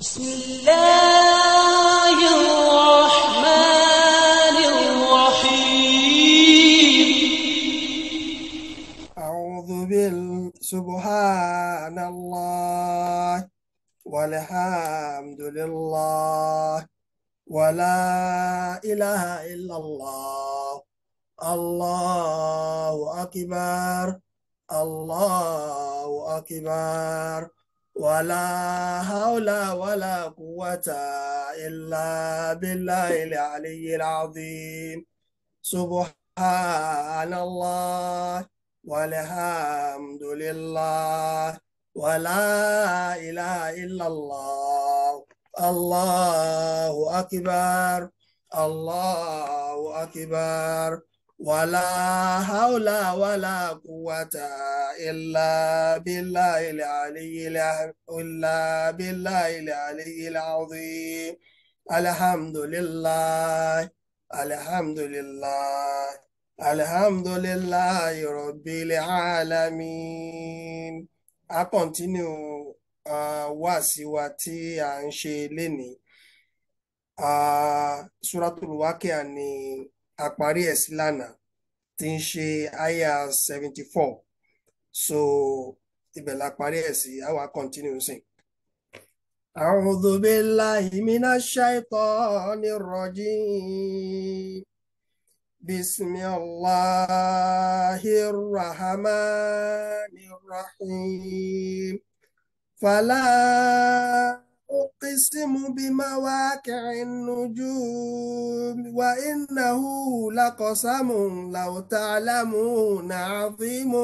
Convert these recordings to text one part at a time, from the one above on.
بسم الله الرحمن الرحيم أعوذ بال سبحان الله والحمد لله ولا إله إلا الله الله أكبر الله أكبر ولا حول ولا قوة إلا بالله العلي العظيم سبحان الله والحمد لله ولا إله إلا الله الله أكبر الله أكبر wàlá haúlá wàlá kúwàtà ilà bílà ilẹ̀ àlẹ́yìnlá ọ̀dí alhamdulillah alhamdulillah alhamdulillah rabbil alamin a continue uh, wá sí wa tí a ń ṣe lénìí uh, suratul wakia ni àparí ẹ̀ sí lánàá tí ń ṣe àyà seventy four so ibẹ̀ la parí ẹ̀ sí àwa continue sìn. أعوذ بالله من الشيطان الرجيم بسم الله الرحمن الرحيم فلا أقسم بمواقع النجوم وإنه لقسم لو تعلمون عظيم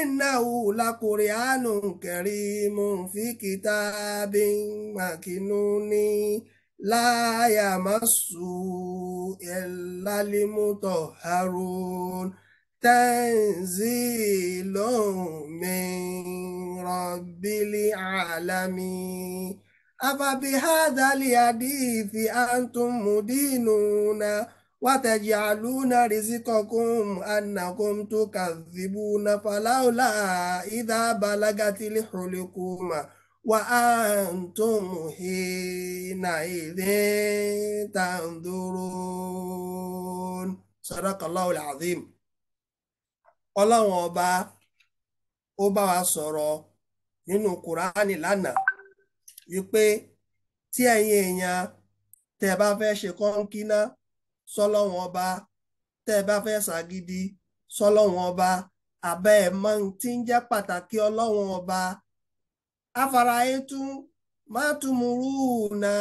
إنه لقرآن كريم في كتاب مكنون لا يمس إلا المطهرون تنزيل من رب العالمين أفبهذا الحديث أنتم مدينون وتجعلون رزقكم أنكم تكذبون فلولا إذا بلغت الحلقوم وأنتم حينئذ تنظرون صدق الله العظيم ọlọ́run ọba ó bá wa sọ̀rọ̀ nínú kùránì lánàá wípé tí ẹ̀yin èèyàn tẹ́ ẹ bá fẹ́ ṣe kọ́ńkínná sọ́lọ́run ọba tẹ́ ẹ bá fẹ́ ṣàgídí sọ́lọ́run ọba àbẹ́ ẹ̀ mọ tí ń jẹ́ pàtàkì ọlọ́run ọba afárá yín tún má tún mú rúùnà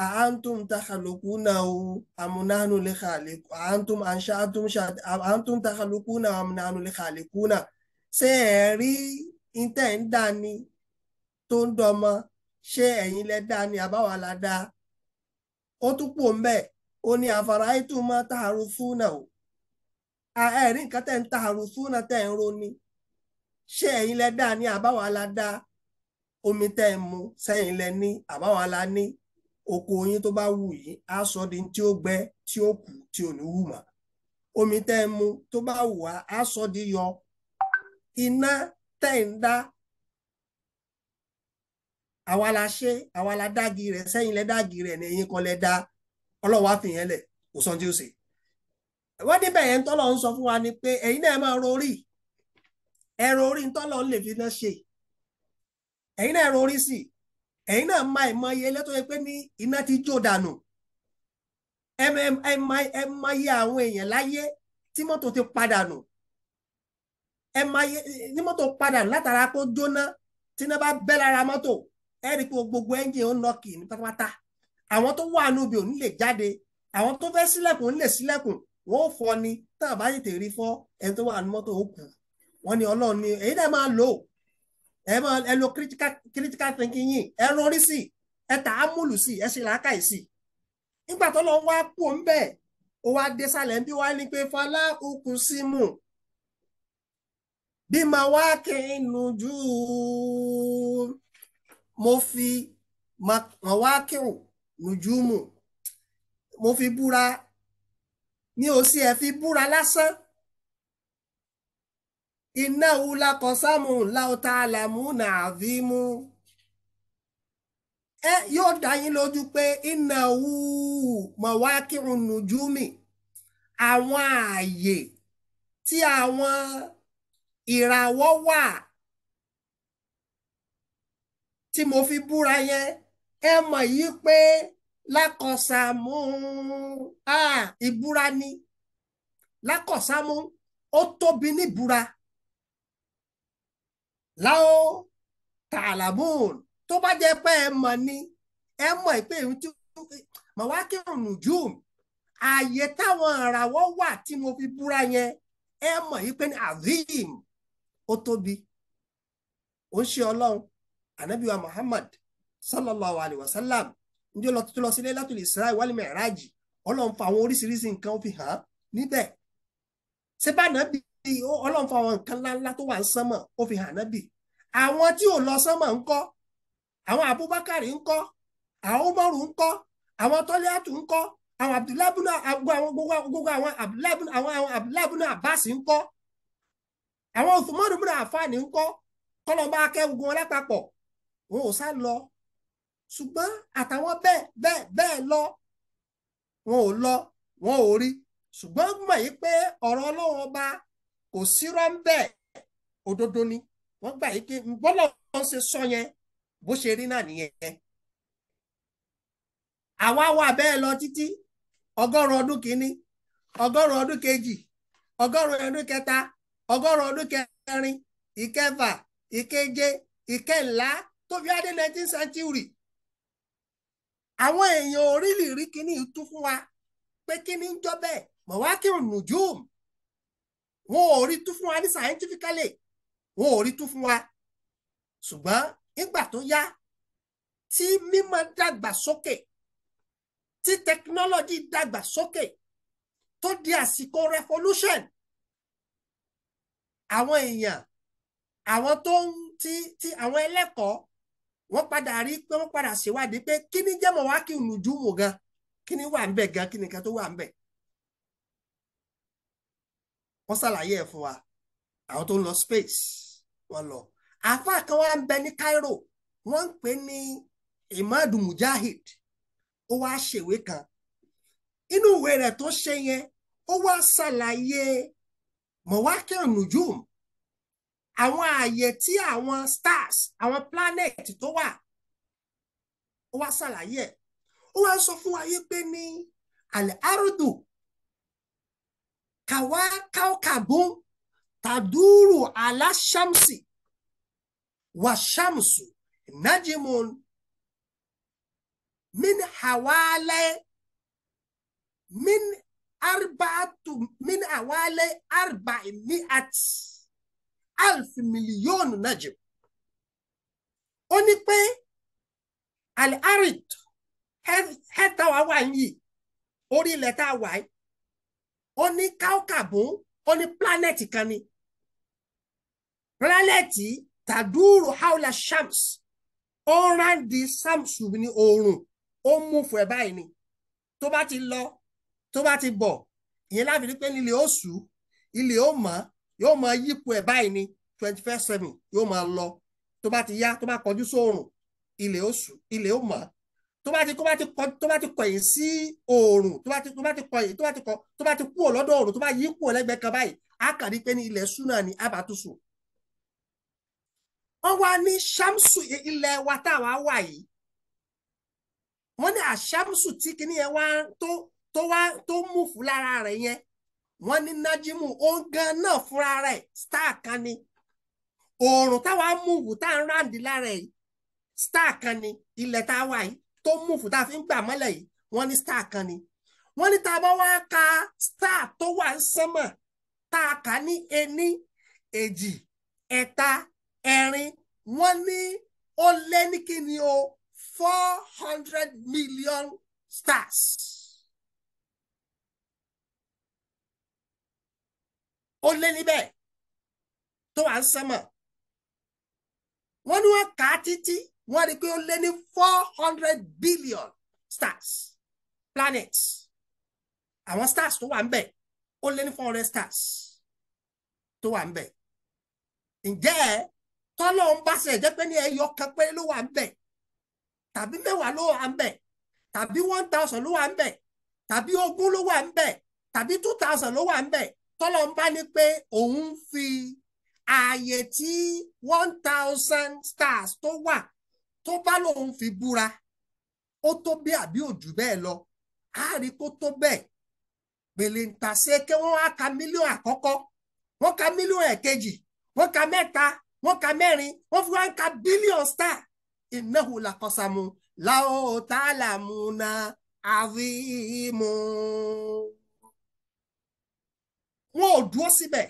أأنتم تخلقونه أم نحن الخالق أأنتم أنشأتم شد أأنتم تخلقونه أم نحن الخالقون ṣé ẹ rí ìtẹ̀ ń dá ni tó ń dọmọ ṣé ẹ̀yin lẹ dá ni àbáwá la dá ó tún pò ń bẹ́ẹ̀ ó ní àfàrà ètò máa fúnà o ẹ̀rí nǹkan tẹ̀ ń tààrù fúnà tẹ̀ ń roni ṣé ẹ̀yin lẹ dá ni àbáwá la dá omi tẹ̀ ń mu sẹ́yìn lẹ ní àbáwá la ní. oko yín tó bá wù yín á sọ di tí ó gbẹ tí ó kù tí ò ní wù mọ́ omi tẹ́ ẹ mu tó bá wù wá á sọ di yọ iná tẹ́ ń dá àwa la ṣe àwa la dági rẹ̀ sẹ́yìn lẹ dági rẹ̀ ní ẹ̀yin kan lẹ dá ọlọ́wọ́ á fi yẹn lẹ̀ kò sọ tí ó ṣe wọ́n débẹ̀ yẹn tọ́lọ̀ ń sọ fún wa ni pé ẹ̀yin náà máa rorí ẹ̀rọ orí tọ́lọ̀ ń lè fi náà ṣe ẹ̀yin náà rorí sí i ẹ̀yin náà máa ìmọ̀ iye lẹ́tọ́ yẹ pé ní iná ti jó dànù ẹ máa yẹ àwọn èèyàn láyé tí mọ́tò ti padà nù ẹ máa yẹ ní mọ́tò padà nù látara kó jóná tí iná bá bẹ́ lára mọ́tò ẹ rí i pé gbogbo ẹ́ńjìn ń nọkì ní pátápátá àwọn tó wà níbi òní lè jáde àwọn tó fẹ́ sílẹ̀kùn ń lè sílẹ̀kùn wọ́n ò fọ́ ni tá a bá tètè rí fọ́ ẹni tó wà ní mọ́tò ó kù wọ́n ní ọlọ́run ni èyí náà máa lò ó ẹ máa ẹ lo critical critical thinking yín ẹ rọrí sí ẹ tà á múlù sí ẹ ṣe làákàyè sí nígbà tó lọ wá kú ń bẹ ó wá dé sálẹ̀ bí wá ní pé fọlá okùn sí mù bí màá wá kí n nu jù mo fi màá wá kí n nu jù mù mo fi búra mi ò sí ẹ fi búra lásán innahu laqasamun law ta'lamuna azimu ẹ yóò dá yín lójú pé innahu mawaqi'un nujumi àwọn ààyè tí àwọn ìràwọ̀ wà tí mo fi búra yẹn ẹ mọ̀ yí pé lákọ̀sámú ìbúra ni lákọ̀sámú ó tóbi níbúra láó tààlàmùn tó bá jẹ́ pé ẹ mọ̀ ni ẹ mọ̀ pé ìhun tí mọ̀ wá kí ònù jù ààyè táwọn ìràwọ̀ wà tí mo fi búra yẹn ẹ mọ̀ yìí ní azim ó tóbi ó ń ṣe ọlọ́run anabiwa muhammad sallallahu alaihi wa sallam njẹ́ lọ tuntun lọ sí Laylatul Isra wal Mi'raj ọlọ́run fa àwọn oríṣiríṣi nǹkan ó fi hàn níbẹ̀ ṣé bá ọlọ́run fa àwọn nǹkan ńláńlá tó wà ń sánmọ̀ ó fi hàn nábì àwọn tí ò lọ sánmọ̀ ń kọ́ àwọn Abubakar ń kọ́ àwọn Umaru ń kọ́ àwọn tọ́lẹ́àtù ń kọ́ àwọn abdulabuna gbogbo àwọn abdulabuna àwọn abdulabuna Abbas ń kọ́ àwọn Uthmanu buna Afani ń kọ́ kọlọ́ba akẹ́gun alápapọ̀ wọn ò sá lọ ṣùgbọ́n àtàwọn bẹ́ẹ̀ bẹ́ẹ̀ bẹ́ẹ̀ lọ wọn ò lọ wọn ò rí ṣùgbọ́n gbọ́n yìí pé ọ̀rọ̀ ọlọ́run ọba kò sírọ́ ń bẹ́ẹ̀ òdodo ni wọ́n gbà yí pé bọ́lọ̀ ń ṣe sọ yẹn bó ṣe rí náà nìyẹn. àwa wà bẹ́ẹ̀ lọ títí ọgọ́rùn-ún ọdún kìíní ọgọ́rùn-ún ọdún kejì ọgọ́rùn-ún ọdún kẹta ọgọ́rùn-ún ọdún kẹrin ìkẹfà ìkeje ìkẹńlá tó adé nineteen century. àwọn èèyàn orílẹ̀-èrí kìíní tún fún wa pé kí ni ń wọn ò rí tú fún wa ní scientifically wọn ò rí tú fún wa ṣùgbọ́n nígbà tó yá tí mímọ̀ dàgbà sókè tí technology dàgbà sókè tó di àsìkò revolution àwọn èèyàn àwọn tó ń ti ti àwọn ẹlẹ́kọ̀ọ́ wọ́n padà rí pé wọ́n padà ṣèwádìí pé kí ni jẹ́ mọ̀wá kí nùjú wò gan kí ni wà ń bẹ̀ gan kí ni kan tó wà ń bẹ̀ wọ́n ṣàlàyé ẹ̀ fún wa àwọn tó ń lọ space wọ́n lọ àáfàá kan wá ń bẹ ní Cairo wọ́n ń pè ní Imad Mujahid ó wá ṣèwé kan inú ìwé rẹ̀ tó ṣe yẹn ó wá ṣàlàyé mọ̀wákẹ́ nùjúm àwọn ààyè tí àwọn stars àwọn planet tó wà ó wá ṣàlàyé ẹ̀ ó wá sọ fún wa yé pé ní al-ardu kàwá káwkàbún tàdúrù aláṣàmùsì wà ṣàmùsù nájìmùn min hawale min arba'atu min hawale arba'i mi'at alf mílíọ̀nù najim ó ní pé al-arid head tower wà yìí orí ilẹ̀ tá a wà ó ní káókàbún ó ní pílánẹ̀tì kan ni pílánẹ̀tì tàdúrò haula shams ó ń ráǹdì shams ní oòrùn ó ń mú fún ẹ báyìí ni tó bá ti lọ tó bá ti bọ̀ ìyẹn láfi rí pé nílé ó sù ilé ó mọ̀ yóò máa yípo ẹ báyìí ni twenty first seven yóò máa lọ tó bá ti yá tó bá kọjú sóòrùn ilé ó sù ilé ó mọ̀ tó bá ti tó bá ti kọ tó bá ti kọ̀yìn sí oòrùn tó bá ti tó bá ti kọ̀yìn tó bá ti kọ tó bá ti kúrò lọ́dọ̀ oòrùn tó bá yí kúrò lẹ́gbẹ̀ẹ́ kan báyìí a kàn rí pé ní ilẹ̀ súnà ní abatusu. wọ́n wá ní ṣámsù ilẹ̀ wa táwa wà yìí wọ́n ní àṣámsù tí kinní yẹn wá tó tó wá tó mú fún lára rẹ̀ yẹn wọ́n ní nájímù òun gan náà fúnra rẹ̀ star kan ni oòrùn táwa mú wù tá à ń ráǹdì lára yìí star kan ni ilẹ̀ táwa yìí tó múfù tá a fi ń gbà mọ́lẹ̀ yìí wọ́n ní star kan ni wọ́n ní tá wá ka star tó wà ń sánmọ̀ tá a kà ní ení èjì ẹ̀ta ẹ̀rin wọ́n ní ó lé ní kí ni o four hundred million stars. ó lé níbẹ̀ tó wà ń sánmọ̀ wọ́n ní wọ́n kà á títí wọ́n rí i pé ó lé ní four hundred billion stars planets àwọn stars tó wà ń bẹ̀ ó lé ní four hundred stars tó wà ń bẹ̀ ǹjẹ́ tọ́lọ́ ń bá ṣe jẹ́ pé ní ẹyọ kan pé ló wà ń bẹ̀ tàbí mẹ́wàá ló wà ń bẹ̀ tàbí one thousand ló wà ń bẹ̀ tàbí ogún ló wà ń bẹ̀ tàbí two thousand ló wà ń bẹ̀ tọ́lọ́ ń bá ní pé òun fi ààyè tí one thousand stars tó wà tó bá lòun fi búra ó tó bí àbí òjù bẹ́ẹ̀ lọ á rí kó tó bẹ́ẹ̀ pèlè ń ta ṣe kí wọ́n á ka mílíọ̀nù àkọ́kọ́ wọ́n ka mílíọ̀nù ẹ̀kejì wọ́n ka mẹ́ta wọ́n ka mẹ́rin wọ́n fi wá ń ka bílíọ̀nù star innahu laqasamu law ta'lamuna azimu. wọn ò dúró síbẹ̀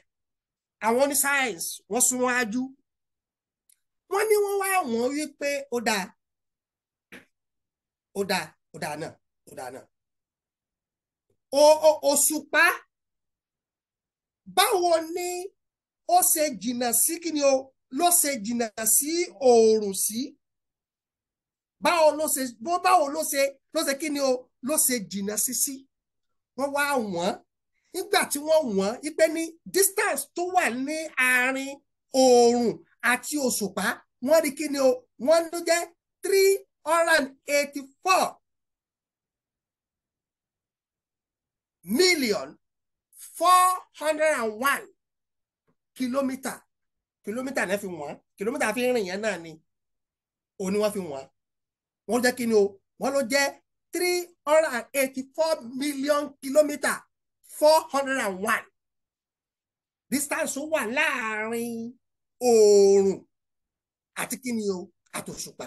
àwọn ní science wọ́n sún wájú wọ́n ní wọ́n wá wọ́n rí pé ó dáa ó dáa ó dáa náà ó dáa náà o òṣùpá báwo ni ó ṣe jìnnà sí kí ni o ló ṣe jìnnà sí oòrùn sí báwo ló ṣe báwo ló ṣe ló ṣe kí ni o ló ṣe jìnnà sí sí wọ́n wá wọ́n nígbà tí wọ́n wọ́n ipe ní distance tó wà ní àárín oòrùn àti òṣùpá wọ́n rí kí ni o wọ́n ló jẹ́ three hundred and eighty four million four hundred and one kìlómítà kìlómítà náà fi wọ́n kìlómítà fi rìn yẹn náà ni òun ni wọ́n fi wọ́n wọ́n jẹ́ kí ni o wọ́n ló jẹ́ three hundred and eighty four million kìlómítà four hundred and one distance wà láàrin oòrùn àti kí ni o àtòṣùpá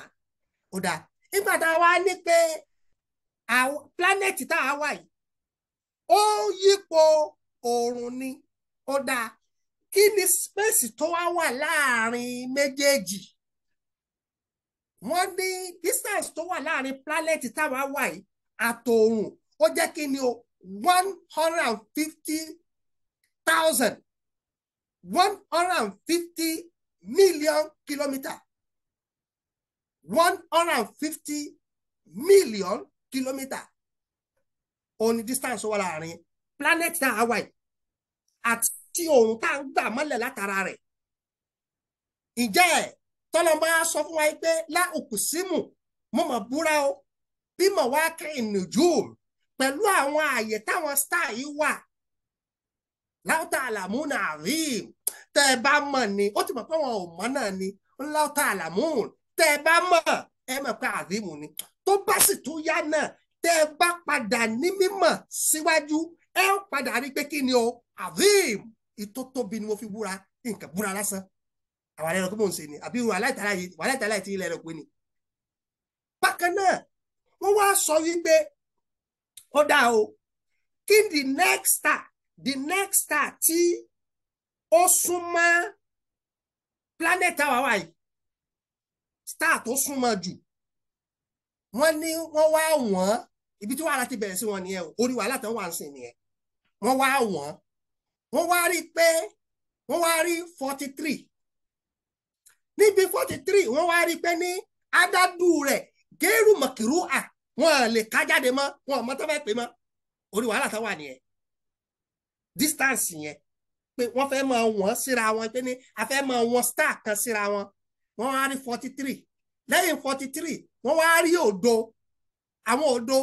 ó dáa nígbà tá a wá ní pé pílánẹ̀tì tá a wà yìí ó yípo oòrùn ni ó dáa kí ni spẹ́ẹ̀sì tó wá wà láàrin méjèèjì wọ́n ní distance tó wà láàrin planet táwa wà yìí àtòòrùn ó jẹ́ kí ni o one hundred and fifty thousand one hundred and fifty million kilometer one hundred and fifty million kilometer òní distance wà láàrin planet náà hawaii àti tí òun tá à ń gbà mọ́lẹ̀ látara rẹ̀ ǹjẹ́ ẹ̀ tọ́lọ́mọ́ á sọ fún wa pé láòkùsímù mo mọ̀ búra o bí mo wá kẹ́ ìnùjú pẹ̀lú àwọn ààyè táwọn star yìí wà láwùtà àlàmúnà tẹ́ ẹ bá mọ̀ ni ó ti mọ̀ pé wọn ò mọ̀ náà ni ńlá ọ̀tá àlàmúhùn tẹ́ ẹ bá mọ̀ ẹ mọ̀ pé àdìmù ni tó bá sì tún yá náà tẹ́ ẹ bá padà ní mímọ̀ síwájú ẹ ó padà rí pé kí ni o àdìm ìtó tóbi ni mo fi búra nǹkan búra lásán àwọn ẹranko mò ń ṣe ni àbí wàhálà ìtàlá ti ilẹ̀ ẹranko ni. bákan náà wọ́n wá sọ wípé ó o kí the next star the next star ti ó súnmọ́ planet àwa wà yìí star tó súnmọ́ jù wọ́n ní wọ́n wá wọ́n ibi tí wàhálà ti bẹ̀rẹ̀ sí wọn nìyẹn o orí wàhálà tó wà ń sìn nìyẹn wọ́n wá wọ́n wọ́n wá rí pé wọ́n wá rí forty three níbi forty three wọ́n wá rí pé ní adádù rẹ̀ géèrú mọ̀kìrú à wọn lè ká jáde mọ́ wọn mọ́tọ́ fẹ́ mọ́ orí wàhálà tó wà nìyẹn distance yẹn pé wọ́n fẹ́ máa wọ́n síra wọn pé ní a fẹ́ máa wọ́n star kan síra wọn wọ́n wá rí forty three lẹ́yìn forty three wọ́n wá rí òdo àwọn òdo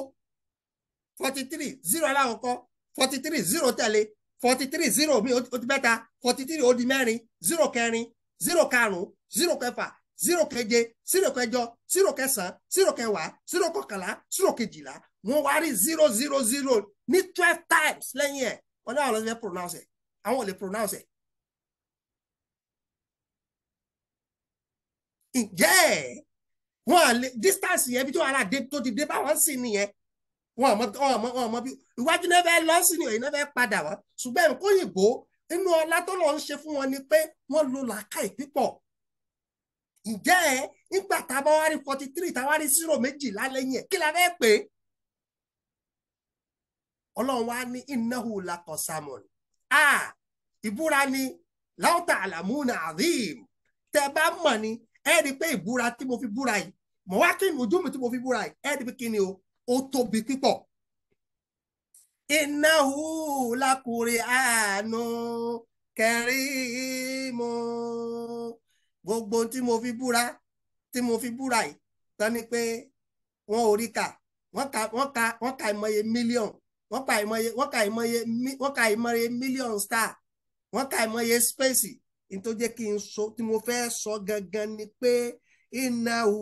forty three zero aláwọ̀kọ́ forty three zero tẹ̀lé forty three zero mi O ti bẹ́ta forty three ó di mẹ́rin zero kẹrin zero karùn-ún zero kẹfà zero keje zero kẹjọ zero kẹsàn-án zero kẹwàá zero kọkànlá zero kejìlá wọ́n wá rí zero zero zero ní twelve times lẹ́yìn ẹ̀ wọ́n ní àwọn ọlọ́dún fẹ́ pronounce ẹ̀ àwọn ò lè pronounce ẹ̀. ǹjẹ́ wọn à lè distance yẹn bí tó ara dé tó ti dé báwọn sì nìyẹn wọn àmọ́ ọmọ ọmọ bí iwájú náà fẹ́ lọ sí ni òyìnbó fẹ́ padà wá ṣùgbọ́n nǹkó òyìnbó inú ọlá tó lọ ń ṣe fún wọn ni pé wọ́n lo làákàì pípọ̀ ǹjẹ́ nígbà tá a bá wá rí forty three tá a wá rí zero méjìlá lẹ́yìn ẹ̀ kí la fẹ́ pè é ọlọ́run wá ní innahu lakọ̀sámọ̀nì a ìbúra ni láwùtà àlàmúnà àdìm tẹ bá mọ̀ ni ẹ rí i pé ìbúra tí mo fi búra yìí mọ̀ wá kí ni ojú mi tí mo fi búra yìí ẹ rí i pé kí ni o ó tóbi pípọ̀. innahu lákùnrin àánú kẹrìmù gbogbo tí mo fi búra tí mo fi búra yìí tán ni pé wọn ò rí kà wọn ka wọn ka wọn ka ìmọye mílíọ̀nù wọ́n ka ìmọye wọ́n ka ìmọye million star wọ́n ka ìmọye space ní tó jẹ́ kí n sọ tí mo fẹ́ sọ gangan ni pé innahu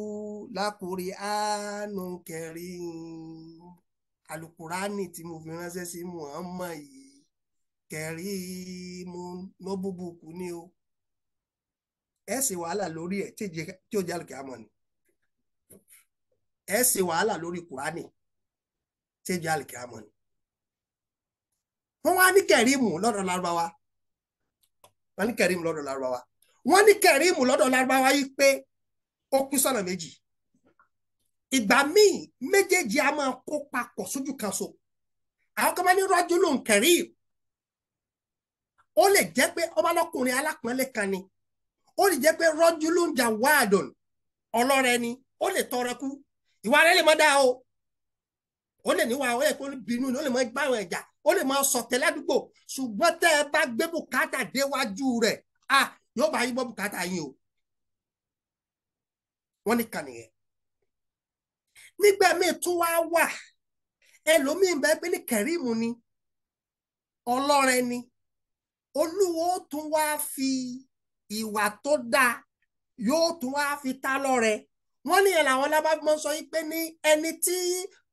lakuri anu karim alukurani tí mo fi ránṣẹ́ sí Muhammad yìí kẹrin mo ló búbukù ni o ẹ ṣe wàhálà lórí ẹ tí ó jẹ àlùkè àmọ́ ni ẹ ṣe wàhálà lórí kurani tí ó jẹ àlùkè àmọ́ ni wọ́n wá ní kẹ̀rímù lọ́dọ̀ lárúbáwá wọ́n ní kẹ̀rímù lọ́dọ̀ lárúbáwá wọ́n ní kẹ̀rímù lọ́dọ̀ lárúbáwá yìí pé ó pín sọ́nà méjì ìgbà míì méjèèjì a máa kó papọ̀ sójú kan so àwọn kan máa ní rọ́jú lòun kẹ̀rímù ó lè jẹ́ pé ọbalọ́kùnrin alápọ̀nlé kan ni ó lè jẹ́ pé rọ́jú ló jà wáàdùn ọlọ́rẹ ni ó lè tọrọ kú ìwà rẹ lè má dáa o ó lè níwà ó kó bínú ni ó lè máa gbá àwọn ẹ̀jà ó lè máa sọ̀tẹ̀ ládùúgbò ṣùgbọ́n tẹ́ ẹ bá gbé bùkátà déwájú rẹ̀ à yóò bá yín bọ́ bùkátà yín o wọ́n ní kàn nìyẹn nígbà míì tún wá wà ẹlòmíín bẹ́ẹ̀ pé ní kẹ̀ríìmù ni ọlọ́rẹ ni olúwo tún wá fi ìwà tó dáa yóò tún wá fi ta wọ́n ní yẹn làwọn lábàbọ̀ sọ yín pé ní ẹni tí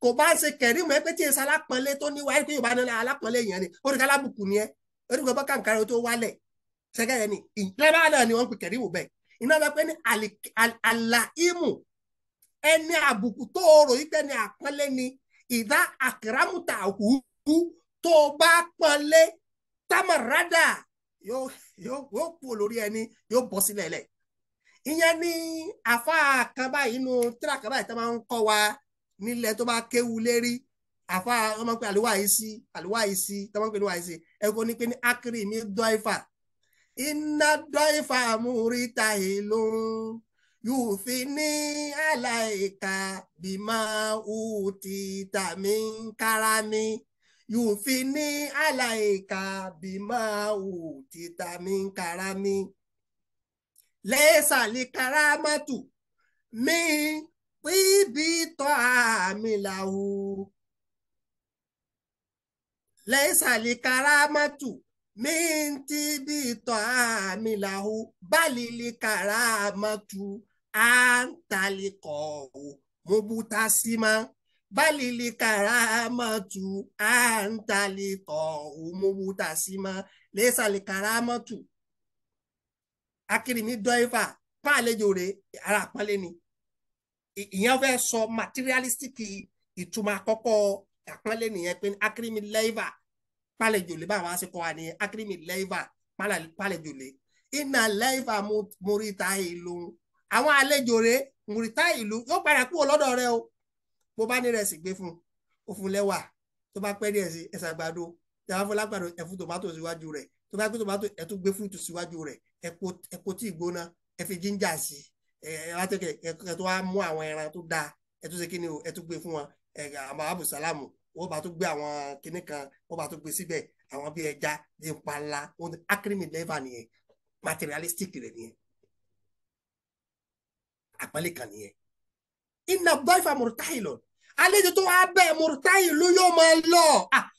kò bá ṣe kẹ̀rí mọ́ ẹ pé tí èsì alápọ̀nlé tó níwá ẹ pé yorùbá ní alápọ̀nlé yẹn ni oríkà alábùkù ni ẹ oríkà bọ́ kàǹkàrà tó wálẹ̀ ṣẹ́gẹ́ yẹn ni lábàá náà ni wọ́n ń pè kẹ̀rí wò bẹ́ẹ̀ iná bẹ pé ní àlàímù ẹni àbùkù tó rò yí pé àpọ́nlé ni ìdá àkàràmùtà hùhù tó bá pọ́nlé támàrádà yóò yóò kú olórí ẹni yóò bọ́ sílẹ̀ lẹ̀ ìyẹn ní àfa kan báyìí inú tíra kan báyìí tó máa ń kọ́ wa nílẹ̀ tó bá kéwu lérí àfa wọn máa ń pè àlùwà yìí sí àlùwà yìí sí tó máa ń pè àlùwà yìí sí ẹ̀kọ́ ní pé ní akiri mi dọ́ìfà iná dọ́ìfà múríta ìlú yóò fi ní àlàyéka bímọ ùtì tàmí kárámí yóò fi ní àlàyéka bímọ ùtì tàmí kárámí lẹ́sà lè karamatu mi bíbí tọ́ àmì làwù. lẹ́sà lè karamatu mi ti bí tọ́ àmì làwù báàlì lè karamatu à ń talè kọ̀ mo bú ta sí ma báàlì lè karamatu à ń talè kọ̀ mo bú ta sí ma lẹ́sà lè karamatu akérèmí dọ́ẹ́fà páàlejò rẹ̀ ara àpọ́nlé ni ìyẹn fẹ́ sọ materialistic ìtumọ̀ àkọ́kọ́ àpọ́nlé nìyẹn pé akérèmí lẹ́ẹ̀fà páàlejò lè báwa ṣe kọ́ wa ní akérèmí lẹ́ẹ̀fà páàlejò lè iná lẹ́ẹ̀fà mórítà ìlú àwọn àlejò rẹ̀ mórítà ìlú yóò padà kúrò lọ́dọ̀ rẹ o bó bá ní rẹsì gbé fún o fún lẹ́wà tó bá pẹ́ díẹ̀ sí ẹ̀sà àgbàdo ìyàwó fọlágbàdo ẹ̀fún tòmátò síwájú rẹ̀ tó bá gbé tòmátò ẹ̀tún gbé fúrúùtù síwájú rẹ̀ ẹ̀pọ̀ tí ìgbóná ẹ fi jíńjà sí ẹ wá tẹ̀kẹ̀ ẹ tó wá mú àwọn ẹran tó dáa ẹ tó ṣe kí ni o ẹ tó gbé fún wọn ẹ àmọ́ abùsálàmù wọ́n bá tó gbé àwọn kinní kan wọ́n bá tó gbé síbẹ̀ àwọn bíi ẹja bíi panla ohun akérèmí lẹ́fà nìyẹn materialistic rẹ̀ nìyẹn àpẹẹlẹ kan nìyẹn. iná bọ́ìfà mùrùtáì lọ àlejò tó wàá bẹ́ẹ̀ mùrùtáì ló yóò máa lọ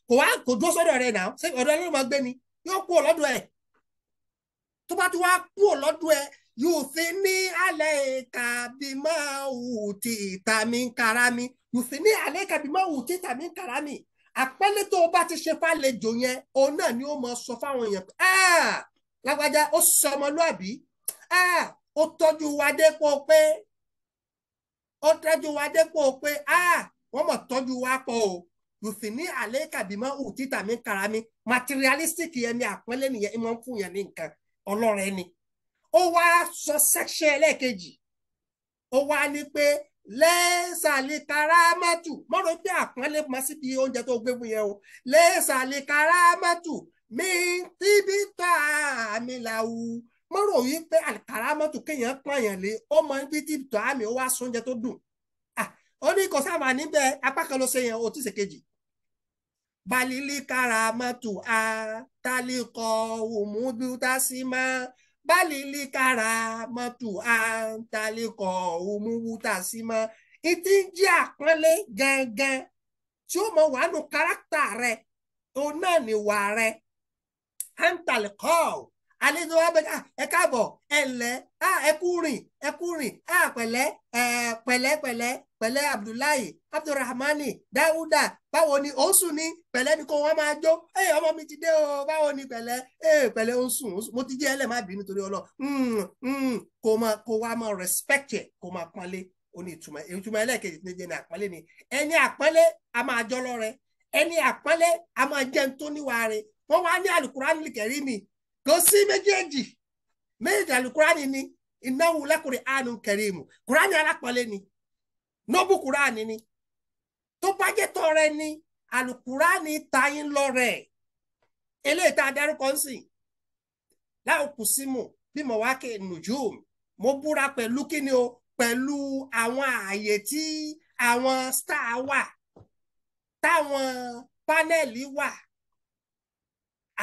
kò wá kò dúró sọ́dọ̀ rẹ̀ náà ọ̀dọ̀ ẹlẹ́rìí tó bá ti wá kúrò lọ́dún ẹ yóò sì ní alẹ́ ìkàbí máa wù tí ìta mi ń kara mi yóò sì ní alẹ́ ìkàbí máa wù tí ìta mi ń kara mi àpẹẹlẹ tó o bá ti ṣe fàlejò yẹn òun náà ni ó mọ sọ fáwọn èèyàn pé lágbájá ó sọmọlúàbí ó tọ́jú wa dépò pé ó tọ́jú wa dépò pé wọ́n mọ̀ tọ́jú wa pọ̀ o yóò sì ní alẹ́ ìkàbí máa wù tí ìta mi ń kara mi materialistic yẹn ni àpẹẹlẹ nìyẹn ìmọ̀ ń fún yẹn ní nǹkan ọlọ́rẹ̀ ni ó wá sọ section ẹlẹ́ẹ̀kejì ó wá ní pé lẹ́sàlẹ̀ karamatu mọ́rọ̀ pé àpọ́nlé mọ́ síbi oúnjẹ tó gbé fún yẹn o lẹ́sàlẹ̀ karamatu mi tíbi tá a mi là wù mọ́rọ̀ yìí pé àkàràmọ́tò kéèyàn pààyàn lé ó mọ bí tíbi ó wá sóúnjẹ tó dùn ó ní kò sáà wà níbẹ̀ apá kan ló ṣe yẹn ó ti ṣe kejì balili karamatu a talikọ umudu tasima balili karamatu a talikọ umudu tasima ìtí ń jẹ́ àpọ́nlé gangan tí ó mọ wàánu kárákítà rẹ̀ òun náà ni wà rẹ̀ antalikọ́ọ̀. alẹ́ ní wàá bẹ̀rẹ̀ ẹ káàbọ̀ ẹ ǹlẹ́ a kú rìn kpele kú rìn pẹ̀lẹ́ pẹ̀lẹ́ pẹ̀lẹ́ pẹ̀lẹ́ abdullahi abdulrahmani dawuda báwo ni ó sùn ní pẹ̀lẹ́ ni kò wọ́n máa jó ẹ ọmọ mi ti o báwo ni pẹ̀lẹ́ ẹ pẹ̀lẹ́ ó sùn mo ti jẹ́ ẹ lẹ̀ má bínú torí kò máa kò wá máa respect ẹ kò máa pọ́nlé ó ní ìtumọ̀ ìtumọ̀ jẹ́ ní àpọ́nlé ni ẹni àpọ́nlé a máa jọ́ lọ́rẹ́ ẹni àpọ́nlé a máa wọ́n wá ní kò sí méjèèjì méjèèjì alukurani ni innahu lakur'anun karimu kurani alápọ̀lé ni nobu kurani ni tó bá jẹ́ tọrẹ ni alukurani tayin lọ́rẹ̀ eléyìí tá a dárúkọ ń sìn láòkù símù bí mo wá ké nùjúùm mo búra pẹ̀lú kíni o pẹ̀lú àwọn ààyè tí àwọn star wà táwọn pánẹ́ẹ̀lì wà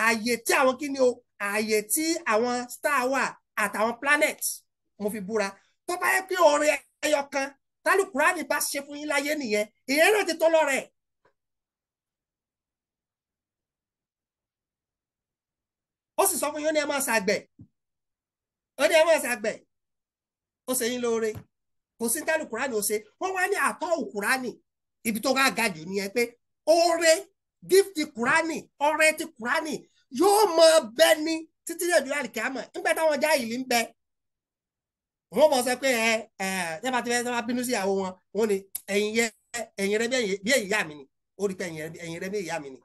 ààyè tí àwọn kíni o ààyè tí àwọn star wà àtàwọn planet mo fi búra tó bá yẹ pé orin ẹyọ kan tálùkùránì bá ṣe fún yín láyé nìyẹn ìyẹn náà ti tó lọ́rẹ̀. ó sì sọ fún yín ó ní ẹ máa ṣàgbẹ̀ ó ní ẹ máa ṣàgbẹ̀ ó ṣe yín lóore kò sí tálùkùránì ó ṣe wọ́n wá ní àtọ́ òkùránì ibi tó ga ga nìyẹn pé oore gift kùránì ọrẹ ti kùránì yóò mọ bẹ ní títí dé ìdúrà lè kíámà nígbà táwọn jáìlì ń bẹ wọn mọ sọ pé ẹ ẹ tẹbà tẹbà tẹbà bínú sí ìyàwó wọn wọn ni ẹ̀yin yẹ ẹ̀yin rẹ bí ẹ̀yin yá mi ni ó rí pé ẹ̀yin rẹ bí ìyá mi ni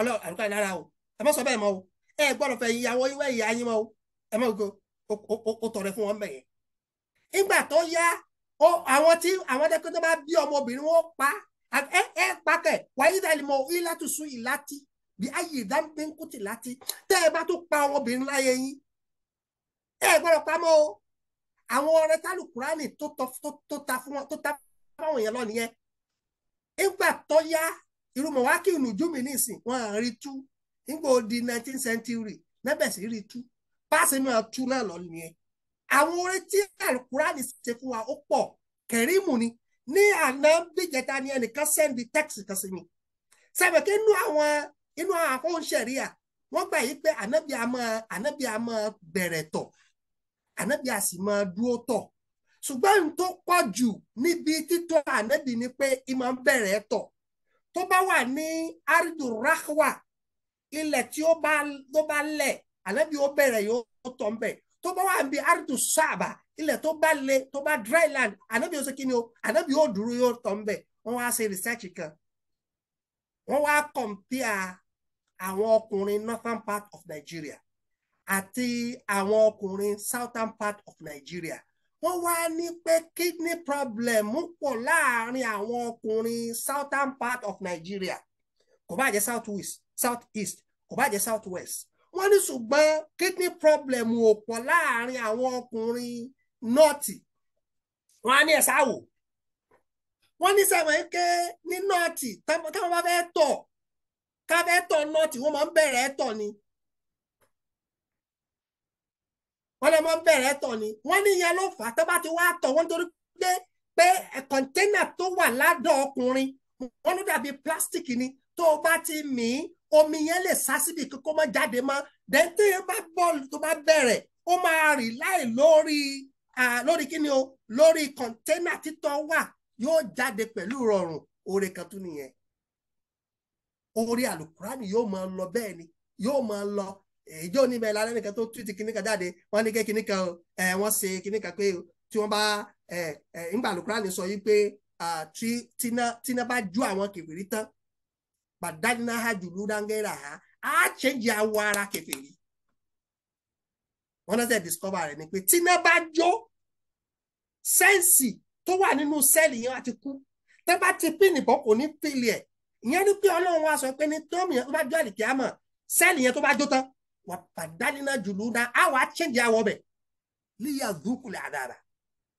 Ọlọ́run àlùkò ìlara o ẹ má sọ bẹ́ẹ̀ mọ́ o ẹ gbọ́dọ̀ fẹ́ ìyàwó ìwẹ ìyá yín mọ́ o ẹ má gbọ́ o tọrẹ fún wọn bẹyẹn nígbà tó yá àwọn tí àwọn tẹkọtọ bá bí ọmọbìnrin wọn pa ẹ ẹ pa kẹ wàyí dàlí mọ ilátùsù ìlátì bí ayé ìdámpé ń kùtì láti tẹ́ ẹ bá tó pa ọmọbìnrin láyé yín ẹ gbọ́dọ̀ pamọ́ o àwọn ọrẹ tálùkùránì tó ta tó ta fáwọn èèyàn lọ nìyẹn nígbà tó yá irúmọ̀ wá kí ìnùjú mi nísìn wọn à ń rí tú nígbà ó di nineteen century mẹ́bẹ̀ sí rí tú páàsì máa tú náà lọ nìyẹn àwọn orin tí alukurani ṣe fún wa ó pọ̀ kẹrìmù ni ní àná bíjẹta ni ẹnìkan sẹ́ndì tẹ́kìsì kan sí mi sẹ́mi nú àwọn inú àwọn ṣẹ̀ríà wọ́n gbà yí pé ànábì àmọ́ ànábì àmọ́ bẹ̀rẹ̀ tọ̀ ànábì àsì máa dúró tọ̀ ṣùgbọ́n n tó pọ̀ jù níbi títọ́ ànábì ni pé ìmọ̀ ń bẹ̀rẹ̀ tọ̀ tó bá wà ní aridu rahwa ilẹ̀ tí ó bá tó bá lẹ̀ ànábì ó bẹ̀rẹ̀ yóò tọ̀ ń bẹ̀ tó bá wà níbi aridu sáàbà ilẹ̀ tó bá le tó bá dry land ànábì ó ṣe kí ni o ànábì ó dúró yóò tọ̀ ń wọ́n wá ṣe research kan wọ́n wá compare àwọn ọkùnrin northern part of Nigeria àti àwọn ọkùnrin southern part of Nigeria wọ́n wá ní pé kidney problem pọ̀ láàrin àwọn ọkùnrin southern part of Nigeria kò bá jẹ́ south west south east kò bá jẹ́ south west wọ́n ní ṣùgbọ́n kidney problem ò pọ̀ láàrin àwọn ọkùnrin north wọ́n á ní ẹ̀sà wò wọ́n ní sẹ́wọ̀n ike ní north táwọn bá fẹ́ tọ̀ káfẹ́tọ̀ nọ́ọ̀tì wọ́n máa ń bẹ̀rẹ̀ ẹ̀tọ̀ ni wọ́n lè máa ń bẹ̀rẹ̀ ẹ̀tọ̀ ni wọ́n ní ìyẹn ló fà á tó bá ti wá tọ̀ wọ́n torí pé pé kọ̀ńténà tó wà ládọ̀ ọkùnrin wọ́n ló dàbí plastic ni tó o bá ti mì í omi yẹn lè sá síbi kókó mọ́ jáde mọ́ dẹ́ntẹ́ yẹn bá bọ́ọ̀lù tó bá bẹ̀rẹ̀ ó máa rì láì lórí lórí kí ni o lórí kọ̀ńténà títọ́ wà yóò jáde pẹ̀lú rọrùn oore kan tún nìyẹn orí alukurani yóò máa lọ bẹ́ẹ̀ ni yóò máa lọ ìjọ oníbẹ̀ lára nìkan tó túwìtì kìnìkan jáde wọn ní kí kìnìkan wọ́n ṣe kìnìkan pé tí wọ́n bá ńgbà alukurani sọ yí pé tíná bá ju àwọn kèfèrí tán bàdánilá ha jùlú dáńgẹ́rà ha á ṣèjì awọ ara kèfèrí wọ́n náà ṣe discover ni pé tíná bá jó sẹ́ǹsì tó wà nínú sẹ́ẹ̀lì yẹn kú tẹ́ bá ìyẹn ni pé ọlọ́run wa sọ pé ní tómi yẹn tó bá jó àlìkí àmọ̀ sẹ́ẹ̀lì yẹn tó bá jó tán wà pàdánínà jùlọ náà á wàá chẹ́ǹdì àwọ̀ bẹ̀ líyà dúkùlẹ̀ àdàrà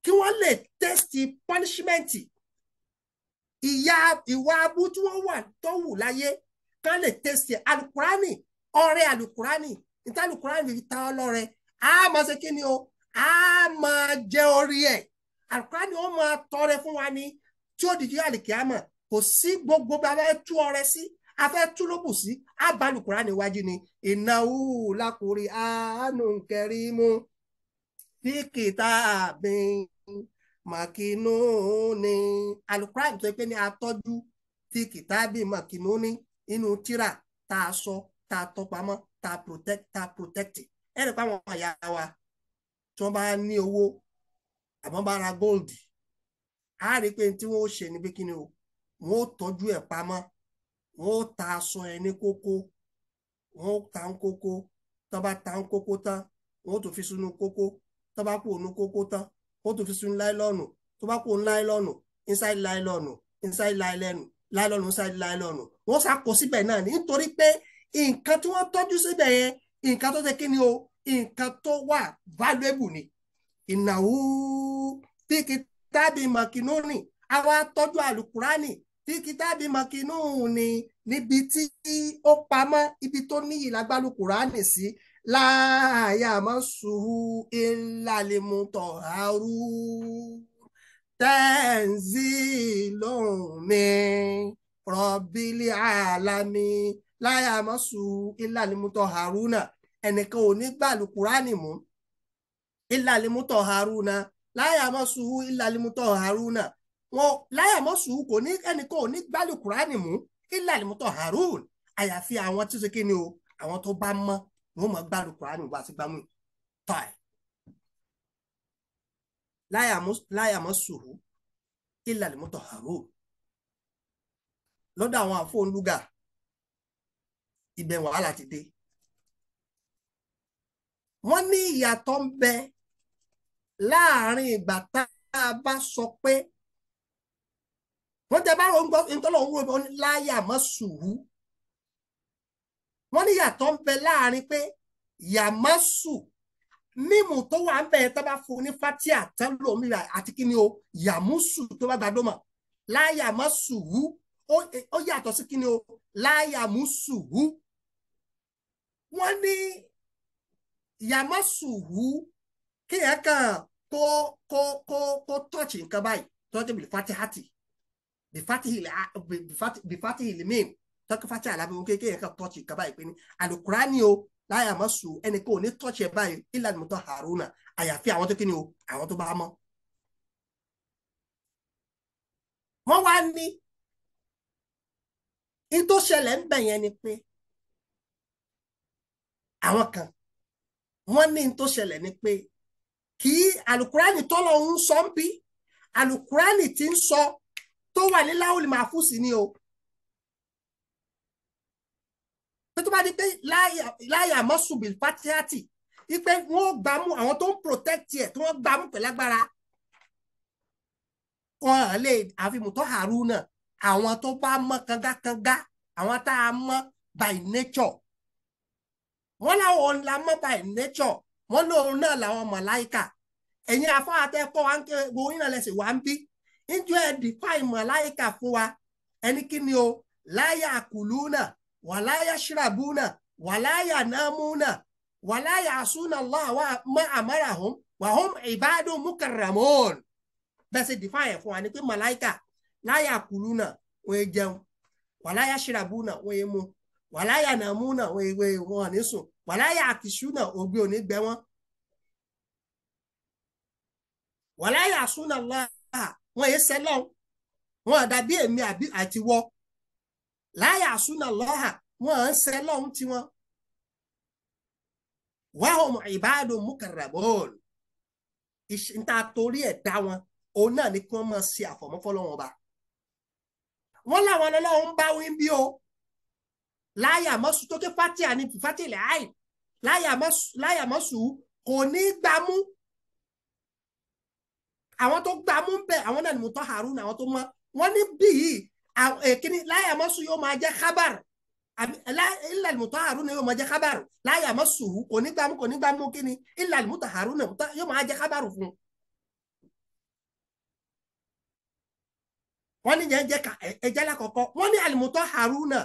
kí wọ́n lè tẹ́sítì pọ́nísímẹ́ǹtì ìyá ìwà abú tí wọ́n wà tó wù láyé kán lè tẹ́sítì alukurani ọrẹ alukurani níta alukurani fi ta ọlọ́rẹ á máa ṣe kí ni o a máa jẹ orí ẹ̀ alukurani ó máa tọrẹ fún wa ní tí ó dìjú àlìkí àmọ̀ kò sí gbogbo bá fẹ́ tú ọrẹ sí a fẹ́ tú lóbù sí abálùkùrá níwájú ni ìnáwó lákòrí àánú kẹrí mú bí kìtà àbín màkínú ni alùkùrá tó pé ní atọ́jú ti kìtà bí ni inú tíra tá a sọ tá a tọpamọ́ tá a protect tá a àyà wa tí wọ́n bá ní owó àbọ̀n gold a rí pé tí wọ́n ó ṣe ni bí kíni o wọn ó tọ́jú ẹ̀ pamọ́ wọn ó ta aṣọ ẹ ní kókó wọn ó ta ń kókó tó bá ta ń kókó tán wọn ó tún fi sínú kókó tó bá kú òun kókó tán wọn ó tún fi sínú láìlọ́ọ̀nù tó bá kú òun láìlọ́ọ̀nù inside láìlọ́ọ̀nù inside láìlẹ́nu láìlọ́ọ̀nù inside láìlọ́ọ̀nù wọn ṣàkó síbẹ̀ náà nítorí pé nǹkan tí wọ́n tọ́jú síbẹ̀ yẹn nǹkan tó ṣe kí ni o nǹkan tó wà valuable ni ìnáwó bí kìtàbí màkínónì àwa tọ́jú alukurani tí kìtàbí mọ̀kínú ni níbi tí ó pamọ́ ibi tó níyì lágbálù kùránì sí láàyè àmọ́ sùúrù ìlàlímù tọ̀hárù tẹ́ǹzì lómi rọ̀bìlì àlámì láyà àmọ́ sùúrù ìlàlímù tọ̀hárù náà ẹnìkan ò ní gbàlù kùránì mú ìlàlímù tọ̀hárù náà láyà àmọ́ sùúrù ìlàlímù tọ̀hárù náà wọn láyà mọ́sù kò ní ẹnìkan ò ní gbálù kúránì mú ilà àlùmọ́tò harun àyàfi àwọn tó ṣe kíni o àwọn tó bá mọ́ wọn mọ̀ gbálù kúránì wá sí gbámú tàì láyà mọ́sù àlùmọ́tò harun lọ́dọ̀ àwọn àfọ̀nlúgà ibẹ̀ wàhálà ti dé wọ́n ní ìyàtọ̀ ń bẹ láàrin ìgbà tá a bá sọ pé wọ́n tẹ bá rò ń gbọ́ ntọ́lọ̀ ń wúro bí wọ́n ní láyà mọ́ sùúrù wọ́n ní yàtọ̀ ń bẹ láàrin pé yàmásù mímù tó wà ń bẹ tó bá fún ní fatia tán lómi àti kí ni o yàmúsù tó bá gbàdó mọ̀ láyàmásù hù ó yàtọ̀ sí kí ni o láyàmúsù hù wọ́n ní yàmásù hù kéèyàn kan kó kó kó kó tọ́ọ̀chì nǹkan báyìí tọ́jú bìlì fatihati bífátì ìlímìn tọ́kí fátì alábẹ́wò kékeré kan tọ́ọ̀tì kaba ìpè ní alukurani o láyà má sùn ẹnì kò ní tọ́ọ̀tì ẹ̀ báyìí ìlànà mọ́tò haruna àyàfi àwọn tó kí ni o àwọn tó bá mọ́. wọ́n wá ní in tó ṣẹlẹ̀ ń bẹ̀ yẹn ni pé àwọn kan wọ́n ní in tó ṣẹlẹ̀ ni pé kí alukurani tọ́lọ̀ ń sọ ń bí alukurani ti ń sọ. So, tó wà ní láhùlì máa fún sí ni o pé tó bá di pé láyà mọ́sùbìl pátíátì ipe wọn ò gbámú àwọn tó ń protect ẹ̀ tí wọ́n gbámú pẹ̀lú agbára wọn lè àfimùtọ́ haruna àwọn tó bá mọ́ kangakanga àwọn tá a mọ́ by nature wọn làwọn la mọ́ by nature wọn lóun náà làwọn màláíkà ẹ̀yin afọ́ àtẹ́kọ́ wa ń ké wo yín náà lẹ́sìn wa ń bí níjọ́ ẹ define màláìkà fún wa ẹni kí ni o láyà kùlú náà wà láyà ṣírabú náà wà láyà náàmú náà wà láyà àsúnà lọ́wọ́ mọ́ àmọ́ra hùn wà hùn ìbádùn mukarramon bẹ́ẹ̀ sì define fún wa ni pé màláìkà láyà kùlú náà wọ́n jẹun wà láyà ṣírabú náà wọ́n mu wà láyà náàmú náà wọ́n ò ní sùn wà láyà àtìṣú náà ògbé ò ní gbẹ wọn súnà láà wọn èé sẹ́lọ̀ wọn àdàbí èmi àtiwọ́ láyà àsúná lọ́hà wọn à ń sẹ́lọ̀ tiwọn. wahum ibadun mukarrabun ìṣìntà torí ẹ̀ dá wọn òun náà ni kí wọ́n máa ṣe àfọ̀mọ́ fọlọ́wọn ọba. wọ́n láwọn ọlọ́run bá wí bí o láyà mọ́sù tó ké fatia ní fatia ilẹ̀ àì láyà mọ́sù kò ní gbámú àwọn tó gbà mú bẹ àwọn náà ni mo tọ́ haruna àwọn tó mọ wọn ní bíi eh, kíni láyà mọ́sù yóò máa jẹ́ kábàr ilà ni mo tọ́ haruna yóò máa jẹ́ kábàr láyà mọ́sù kò ní gbàmú kò ní gbàmú kíni ilà ni mo tọ́ haruna yóò máa jẹ́ kábàr fún un. wọ́n ní yẹn jẹ́ ẹjẹ́ lákọ̀ọ́kọ́ wọ́n ní àlùmọ́tọ́ haruna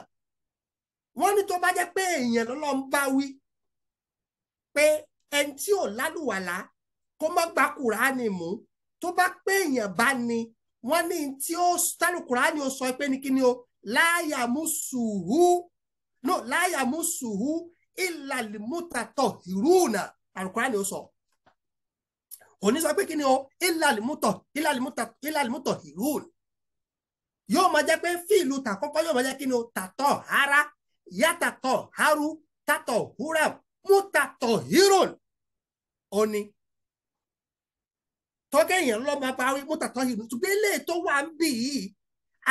wọ́n ní tó bá jẹ́ pé èèyàn lọ́lọ́ pé ẹni tí ò lálùwàlá kó má gba kùránì mú tó bá pé èèyàn bá ní wọ́n ní tí ó tálùkùrá ni ó sọ pé ní kíni o láyàmúsùhù no láyàmúsùhù ìlàlímútàtọ̀ ìrúùnà tálùkùrá ni ó sọ òní sọ pé kíni o ìlàlímútọ̀ ìlàlímútọ̀ ìrúùnà yóò máa jẹ́ pé fíìlù tàkọ́kọ́ yóò máa jẹ́ kíni o tàtọ̀ ara yàtàtọ̀ haru tàtọ̀ húrẹ́m mútàtọ̀ híròn òní tọ́gẹ̀ èèyàn lọ́mọ bá wí mọ́tà tọ́hìn ní tùgbẹ́ ilé tó wà ń bì yìí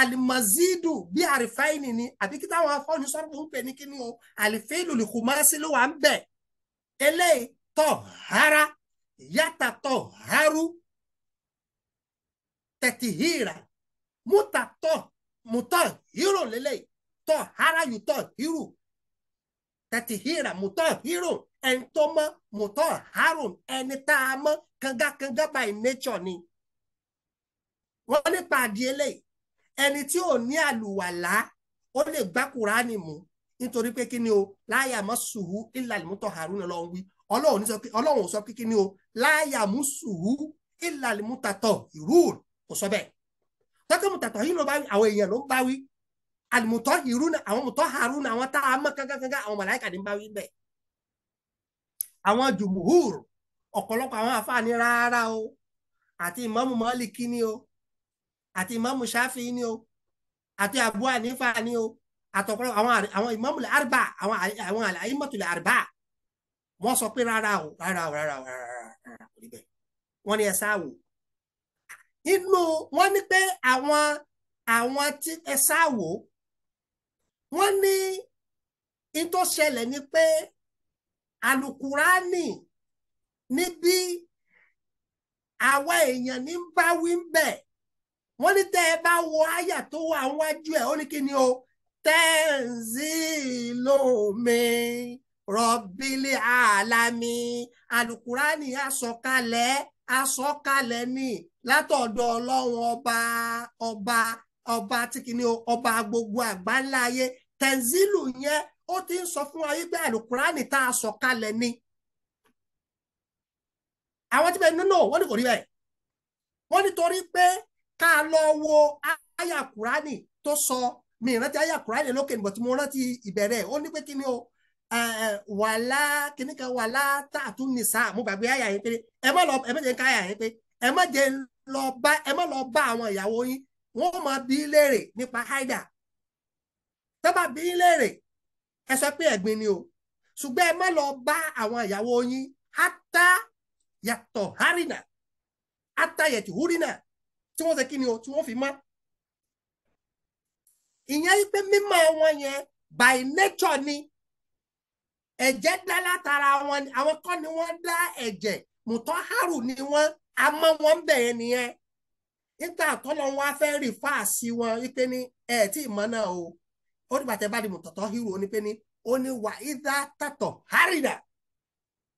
alimazidu bí àrífáìnì ni àbí kí táwọn afọ́ni sọ́rọ̀ ń pè ní kíni o àlìfẹ́lù lè kó máa sí ló wà ń bẹ̀ eléyìí tọ̀ hara yàtà tọ̀ haru tẹ̀tì hìrà mọ́tà tọ̀ mọ́tọ̀ hírò lélẹ̀ tọ̀ hara yìí tọ̀ hírò tẹ̀tì hìrà mọ́tọ̀ hírò ẹni tó mọ́ mùtọ́ harun ẹni tá a mọ́ kangakanga by nature ni wọ́n nípa àdìẹ́lẹ̀ ẹni tí ò ní àlùwàlá ó lè gbá kúránì mú nítorí pé kí ni o láyà mọ́ sùúrù ìlànà mùtọ́ harun lọ́wọ́ wí ọlọ́run sọ pé kí ni o láyà mú sùúrù ìlànà mùtàtọ̀ ìrúùl kò sọ bẹ́ẹ̀ tọ́kẹ́ mùtàtọ̀ yìí ló bá wí àwọn èèyàn ló ń bá wí àlùmùtọ́ ìrú àwọn mùtọ́ harun àwọn tá a mọ́ kangakanga àwọn màláìkà ní bá wí bẹ́ẹ̀ àwọn jùmùhúr ọ̀pọ̀lọpọ̀ àwọn àfààní rárá o àti ìmámù Málíkì ni o àti ìmámù Ṣáfì ni o àti Abu Hanifa ni o àtọ̀pọ̀lọpọ̀ àwọn àwọn ìmámù àrùbá àwọn àwọn àìmọ̀tòlẹ̀ àrùbá wọ́n sọ pé rárá o rárá o rárá o rárá o níbẹ̀ wọ́n ní ẹ sáwò inú wọ́n ní pé àwọn àwọn tí ẹ sáwò wọ́n ní in tó ṣẹlẹ̀ ni pé alukurani níbí àwa èèyàn ní ń bá wí ń bẹ̀ wọ́n ní tẹ́ ẹ bá wo àyà tó wà wájú ẹ̀ ó ní kí ni o tẹ́ǹzìlò mi rọ̀bìlì àlàmì alukurani asọ̀kalẹ̀ asọ̀kalẹ̀ ni látọ̀dọ̀ ọlọ́run ọba ọba ọba tí kìíní ọba gbogbo àgbáńlá ayé tẹ̀sílù yẹn ó ti ń sọ fún wa yí pé àlùkùránì tá a sọ kalẹ̀ ni àwọn tí bẹ́ẹ̀ nínú wọ́n ní kò rí bẹ́ẹ̀ wọ́n nítorí pé ká lọ wo àyà tó sọ mi ìrántí àyà kùránì lókè nígbà tí mo rántí ìbẹ̀rẹ̀ ó ní pé kí ni o wàlá kíní kan wàlá tààtú nìsá mo gbàgbé àyà yín pé ẹ má lọ ẹ má jẹ́ ká àyà yín pé ẹ má jẹ́ lọ bá ẹ má lọ bá àwọn ìyàwó yín wọ́n máa bí léèrè nípa haida tó bá bí léèrè ẹ sọ pé ẹ̀gbin ni o ṣùgbọ́n ẹ má lọ bá àwọn ìyàwó yín ata yàtọ̀ harina ata yẹtì hurina tí wọ́n ṣe kí ni o tí wọ́n fi má. ìyẹn wípé mímọ́ wọn yẹn by nature ni ẹ̀jẹ̀ dá látara wọn àwọn kan ni wọ́n dá ẹ̀jẹ̀ mùtọ́ haru ni wọ́n a mọ́ wọn bẹ̀yẹn nìyẹn nígbà tọ́lọ́ wọn á fẹ́ rìfáàsì wọn wípé ní ẹ̀ tí ì náà o. ó dìgbà tẹ́ bá di mọ̀tọ̀tọ̀ hírò ó ní pé ní ó ní wà ídá tàtọ̀ hárìdà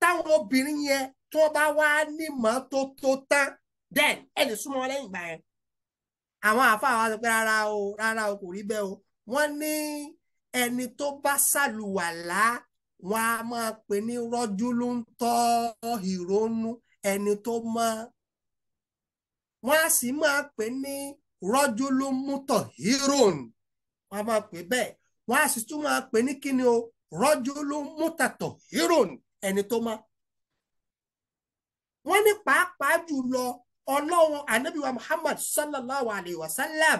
táwọn obìnrin yẹn tó bá wá ní mọ́tótó tán then ẹni súnmọ́ lẹ́yìn ìgbà yẹn àwọn àáfàá wa sọ pé rárá o rárá o kò rí bẹ́ẹ̀ o wọ́n ní ẹni tó bá ṣàlùwàlá wọn a máa pè ní rọ́jú ló ń tọ́ ìrònú ẹni tó mọ́ wọ́n a sì máa pè ní rọ́jú ló ń mútọ̀ híròn wọ́n á máa pè bẹ́ẹ̀ wọ́n á sì tún máa pè ní kíni o rọ́jò ló mútàtọ̀ híròn ẹni tó má. wọ́n ní pàápàá jùlọ ọlọ́run anabiwa muhammad sallallahu alayhi wa sallam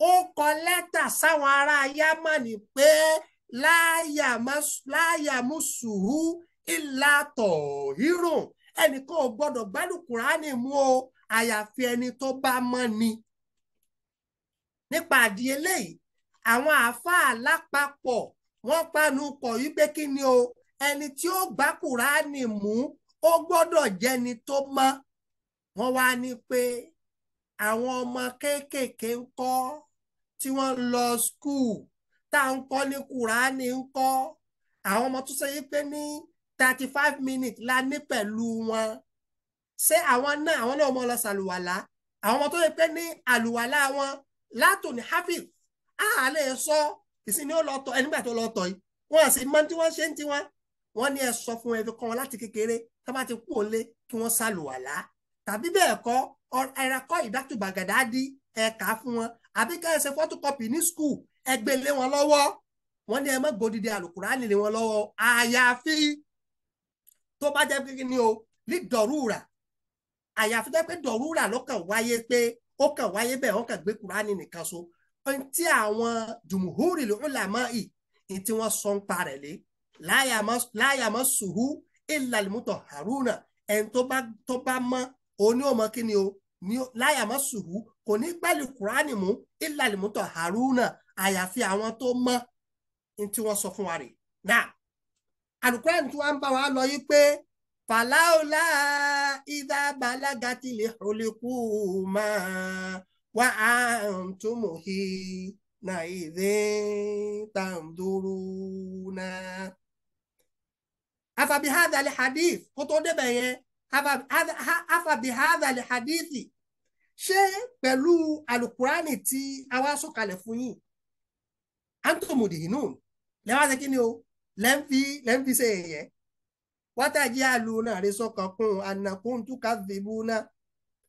ó kọ lẹ́tà sáwọn ará yamani pé láyàmúsùhù ìlàtọ̀ híròn ẹnìkan ò gbọ́dọ̀ gbádùn kùránì mú o àyàfi ẹni tó bá mọ́ ni nípa àdìẹ lẹ́yìn àwọn àáfàá lápapọ̀ wọ́n panu pọ̀ wípé kí ni o ẹni tí ó gbá kùránì mú ó gbọ́dọ̀ jẹ́ni tó mọ́ wọ́n wá ní pé àwọn ọmọ kéékèèké ń kọ́ tí wọ́n lọ skul tá à ń kọ́ ní kùránì ń kọ́ àwọn ọmọ tó ṣe yí pé ní thirty five minutes la ní pẹ̀lú wọn ṣé àwọn náà àwọn náà mọ̀ lọ sàlùwàlá àwọn ọmọ tó ṣe pé ní àlùwàlá wọn látòní hafif a lè sọ ìsìn ni ó lọ tọ ẹnigbà tó lọ tọ yìí wọn àti mọ tí wọn ṣe ń tiwọn wọn ní ẹ sọ fún ẹ fi kọ́ wọn láti kékeré tá bá ti kú òǹlé kí wọn sàlùwàlá tàbí bẹ́ẹ̀ kọ́ ẹrakọ ìdátùbàgàdá di ẹka fún wọn àbí ká ẹ ṣe fọ́tòkọ́pì ní skul ẹgbẹ́ lé wọn lọ́wọ́ wọn ní ẹ má gbòdìdì àlùkùránì lé wọn lọ́wọ́ àyàfi tó bá jẹ́ pé ni o ní dọ̀rúra àyàfi tó jẹ́ pé dọ̀rúra ló kàn wáyé pé ó kàn wáyé bẹ́ẹ̀ wọ́n kàn gbé kùránì nìkan tí àwọn jùmùhúrì lùlámà yìí ní tí wọ́n sọ ń parẹ̀ lé láyàmọ́ sùhú ìlàlímútọ̀ haruna ẹni tó bá tó bá mọ́ òní òmọ́ kí ni o láyàmọ́ sùhú kò ní gbẹ́lì kúránì mú ìlàlímútọ̀ haruna àyàfi àwọn tó mọ́ ní tí wọ́n sọ fún wa rè náà alukuraani tí wọ́n bá wa lọ yí pé fàlàó láà ìdá balagati lè máa. wa حينئذ na ịdị الحديث kótó débẹ̀ yẹn أفبهذا الحديث ṣé pẹ̀lú alukurani tí a wá sọ̀kalẹ̀ fún yín antomodi inú lẹ́wọ́n ṣe kí ni o lẹ́ńfí lẹ́ńfí ṣe èyẹ wọ́n tàjí àlù ànàkùn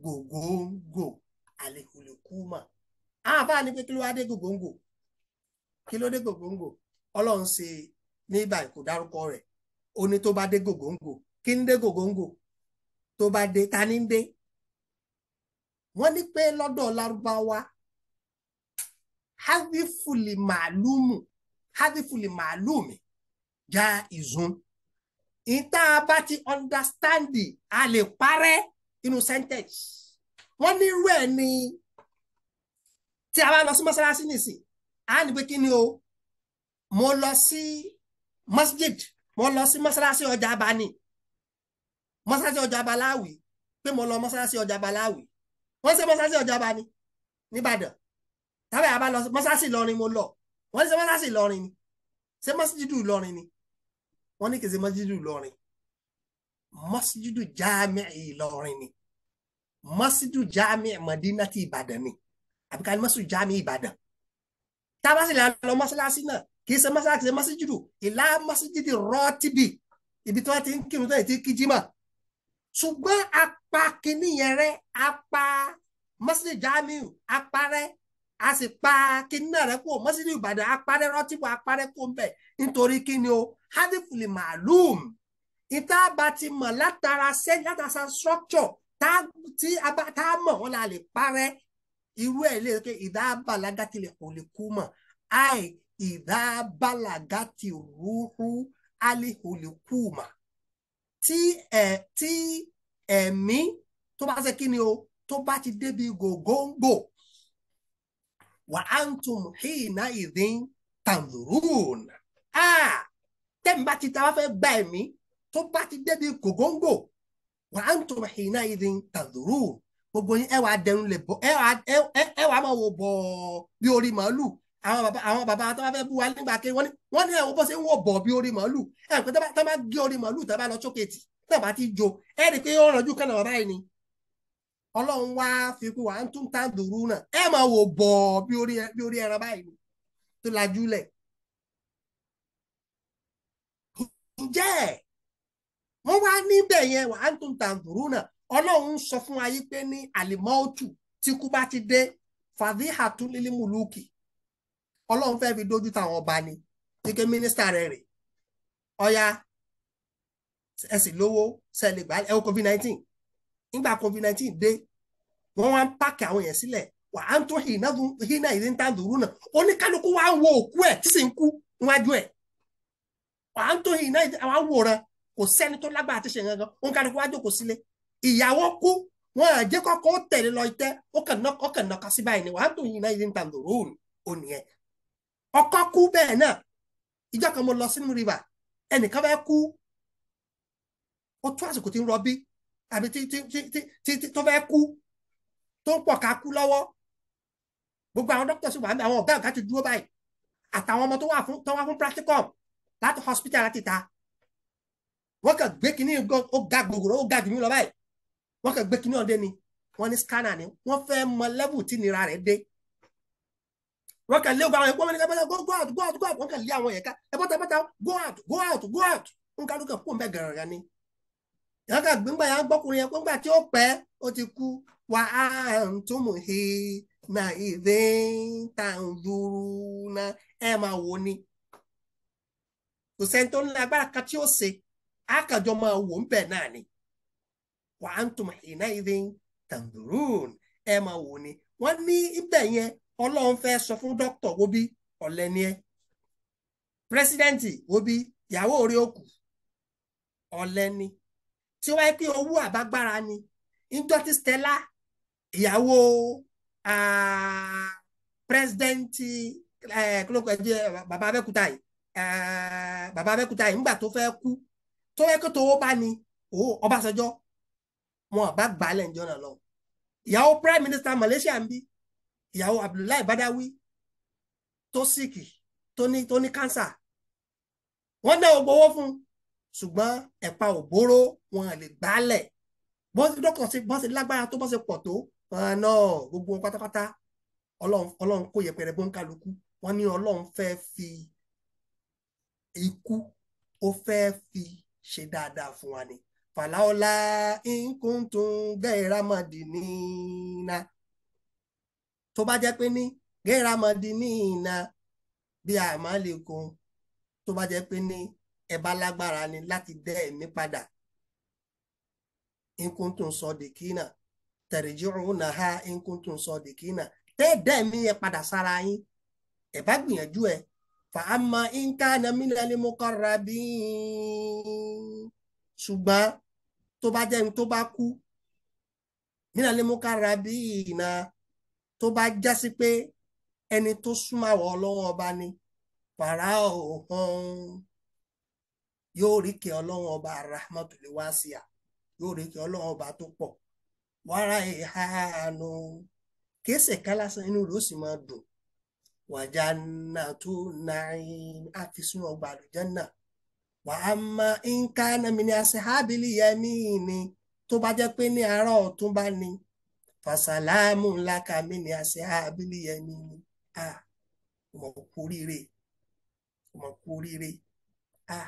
gogongo àlèkùlèkù mà àáfà ni pé kí ló wá dé gògóńgò kí ló dé gògóńgò ọlọ́run ṣe ní báyìí kò dárúkọ rẹ̀ ó ní tó bá dé gògóńgò kí ń dé gògóńgò tó bá dé ta ní ń dé wọ́n ní pé lọ́dọ̀ lárúbáwá hádífùlì màálùmù hádífùlì màálùmì já ìzún ìta bá ti understand a lè parẹ́ inú sentence wọ́n ní irú ẹ̀ ni tí a bá lọ sí mọ́sálásí nìsín a ní pé kí ni o mo lọ sí masjid mo lọ sí mọ́sálásí ọjà abani mọ́sálásí ọjà abaláwì pé mo lọ mọ́sálásí ọjà abaláwì wọ́n ṣe mọ́sálásí ọjà abani nìbàdàn tàbí a bá lọ mọ́sálásí Ìlọrin mo lọ wọ́n ṣe mọ́sálásí Ìlọrin ni ṣe mọ́sálásí Ìlọrin ni wọ́n ní kì í ṣe mọ́sálásí Ìlọrin masjidu jami Ìlọrin ni masjidu jami'i Madina ti Ìbàdàn ni àbíká ni masjidu jami Ìbàdàn tá a bá sì lọ mọ́ṣáláṣí náà kì í ṣe mọ́ṣáláṣí kì í ṣe masjidu ìlà masjidi rọ́tìbì ibi tí wọ́n ti ń kírun tó yẹ ti kí jimá ṣùgbọ́n apá kìíní yẹn rẹ apá masjidu jami'u apá rẹ a sì pa kìíní náà rẹ kó masjidu Ìbàdàn apá rẹ rọ́tìbù apá rẹ kó ń bẹ̀ nítorí kí ni o oh, hadifuli ma'lum ìta bá ti mọ̀ látara sẹ́yìn látara structure tá tí a mọ̀ wọn la lè parẹ́ irú ẹ̀ lè ké ìdá balaga tilẹ̀ kò lè kú mọ̀ àì ìdá ti rúurú alẹ́ kò lè kú mọ̀ tí ẹ̀ tí ẹ̀mí tó bá ṣe kí ni o tó bá ti débi gògóńgò wà á ń tún hìnà ìdín tàǹdùrún à tẹ́mi ti ta wá fẹ́ gbà ẹ̀mí tó bá ti débi kògóńgò wà á ń tó hìnà ìdí tàdúró gbogbo yín ẹ wàá dẹnu lè bọ ẹ wàá máa wò bọ bí orí màálù àwọn bàbá tó bá fẹ́ bú wa nígbà kí wọ́n ní wọ́n ní ẹ̀wọ̀n bó ṣe ń wọ̀ bọ̀ bí orí màálù ẹ̀ pé tó bá gé orí màálù tó bá lọ sókè tì tó bá ti jo ẹ̀ rí i pé ó rànjú kánà ọ̀rá ẹ̀ ni ọlọ́run wá fi kú wa ń tún tá dùrú náà ẹ máa wò bọ̀ bí orí ẹran báyìí ni tó lajú lẹ̀. ǹjẹ́ wọ́n wá níbẹ̀ yẹn wà á tún tàǹdùrú náà ọlọ́run sọ fún ayé pé ní àlìmọ́ọ̀tù tí kú bá ti dé fàdí ọlọ́run fi táwọn ọba ni kíkẹ́ mínísítà rẹ̀ rè ọ̀ya ẹ lówó sẹ́lẹ̀ gbà covid 19 nígbà covid 19 dé wọ́n wá ń àwọn sílẹ̀ wà á tún hìnà ìdí ń tàǹdùrú náà oníkálukú kò sẹ́ni tó lágbára àti ṣe gangan òun kálukú wá jókòó sílé ìyàwó kú wọn à jẹ́ kọ́kọ́ ó tẹ̀lé lọ itẹ́ ó kàn nọka sí báyìí ni wàá tó yìnyín náà yìí ń ta lòrùn ò nìyẹn ọkọ kú bẹ́ẹ̀ náà ìjọ kan mo lọ sínú rìbà ẹnìkan fẹ́ kú ó tún àsìkò tí ń rọbí àbí tó fẹ́ kú tó ń pọ̀ ká kú lọ́wọ́ gbogbo àwọn dókítà sì wà ní àwọn ọ̀gá ọ̀gá ti dúró báyìí àtàwọn ọmọ tó wà fún practicum láti hospital láti ta wọ́n kàn gbé kínní ó ga gbogbo ó ga jù mí lọ báyìí wọ́n kàn gbé kínní ọ̀dẹ́ ni wọ́n ní scanner ni wọ́n fẹ́ mọ level tí nira rẹ̀ dé wọ́n kàn lé gbogbo àwọn ẹ̀kọ́ mẹ́rin kápẹ́tà go out go out go out wọ́n kàn lé àwọn ẹ̀ka ẹ̀bọ́ta bọ́ta go out go out go out ń kálú kan fún bẹ́ẹ̀ gàràgà ni ìyá kan gbẹ́ngbà yà ń gbọ́kùnrin yẹn gbẹ́ngbà tí ó pẹ́ ó ti kú wà á tún mú na ìdè ta ń dúró na ẹ̀ máa wò ni kò sẹ́ni tó ń lágbára kan tí ó ṣe ákàjọ máa wò ń bẹ̀ náà ni wà á ń ni ní ibẹ̀ yẹn sọ fún dókítà wo bí ọ̀lẹ́ iyawo ẹ́ orí òkú ni tí owó Stella ìyàwó bàbá Abẹ́kúta yìí bàbá Abẹ́kúta yìí ńgbà tó fẹ́ kú tó yẹ kó tówó bá ní owó Ọbásanjọ́ wọn bá gbà á lẹ́njọ́ náà lọ ìyàwó prime minister Malaysia ń bí ìyàwó Abdullahi Badawi tó síkì tó ní tó ní kánsà wọ́n náà gbowó fún ṣùgbọ́n ẹ̀pa òbóró wọn lè gbálẹ̀ bọ́sẹ̀ sí bọ́sẹ̀ lágbára tó bọ́sẹ̀ pọ̀ tó ọ̀nà gbogbo wọn pátápátá ọlọ́run kò yẹpẹrẹ bó ń kálukú wọ́n ní ọlọ́run fẹ́ fi ikú ó fẹ́ fi ṣe dáadáa fún wa ni fàlàọ́lá nkùntùn gẹ́rámọ̀dínínà tó bá jẹ́ pé ní gẹ́rámọ̀dínínà bí àmàlẹ́kùn tó bá jẹ́ pé ní ẹ bá lágbára ni láti dẹ́ ẹ̀mí padà nkùntùn sọ̀dìkínà tẹ̀rìjìrúnà ha nkùntùn sọ̀dìkínà tẹ́ dẹ́ ẹ̀mí yẹn padà sára yín ẹ gbìyànjú ẹ̀ fàámà ìńkànnà mílíọ̀nù muqarrabin ṣùgbọ́n tó bá jẹ́ ní tó bá kú mílíọ̀nù muqarrabin na tó bá jásí pé ẹni tó súnmọ́ ọlọ́wọ́ ọba ni fàrà òhun yóò rí kí ọlọ́wọ́ ọba rahmatul wasi'a yóò rí kí ọlọ́wọ́ ọba tó pọ̀ wàrà ìhànú kí ẹsẹ̀ kálásán inú rẹ̀ ó sì máa dùn wàjánàtú nàìn àfi sínú ọgbà àlùjánà wà á mọ nǹka nàmìnì àṣehábìlì yẹmí ni tó bá jẹ́ pé ní àárọ̀ ọ̀tún bá ní fàṣàlámù làkà mìnì àṣehábìlì yẹmí ni a mọ̀ kú rire mọ̀ kú rire a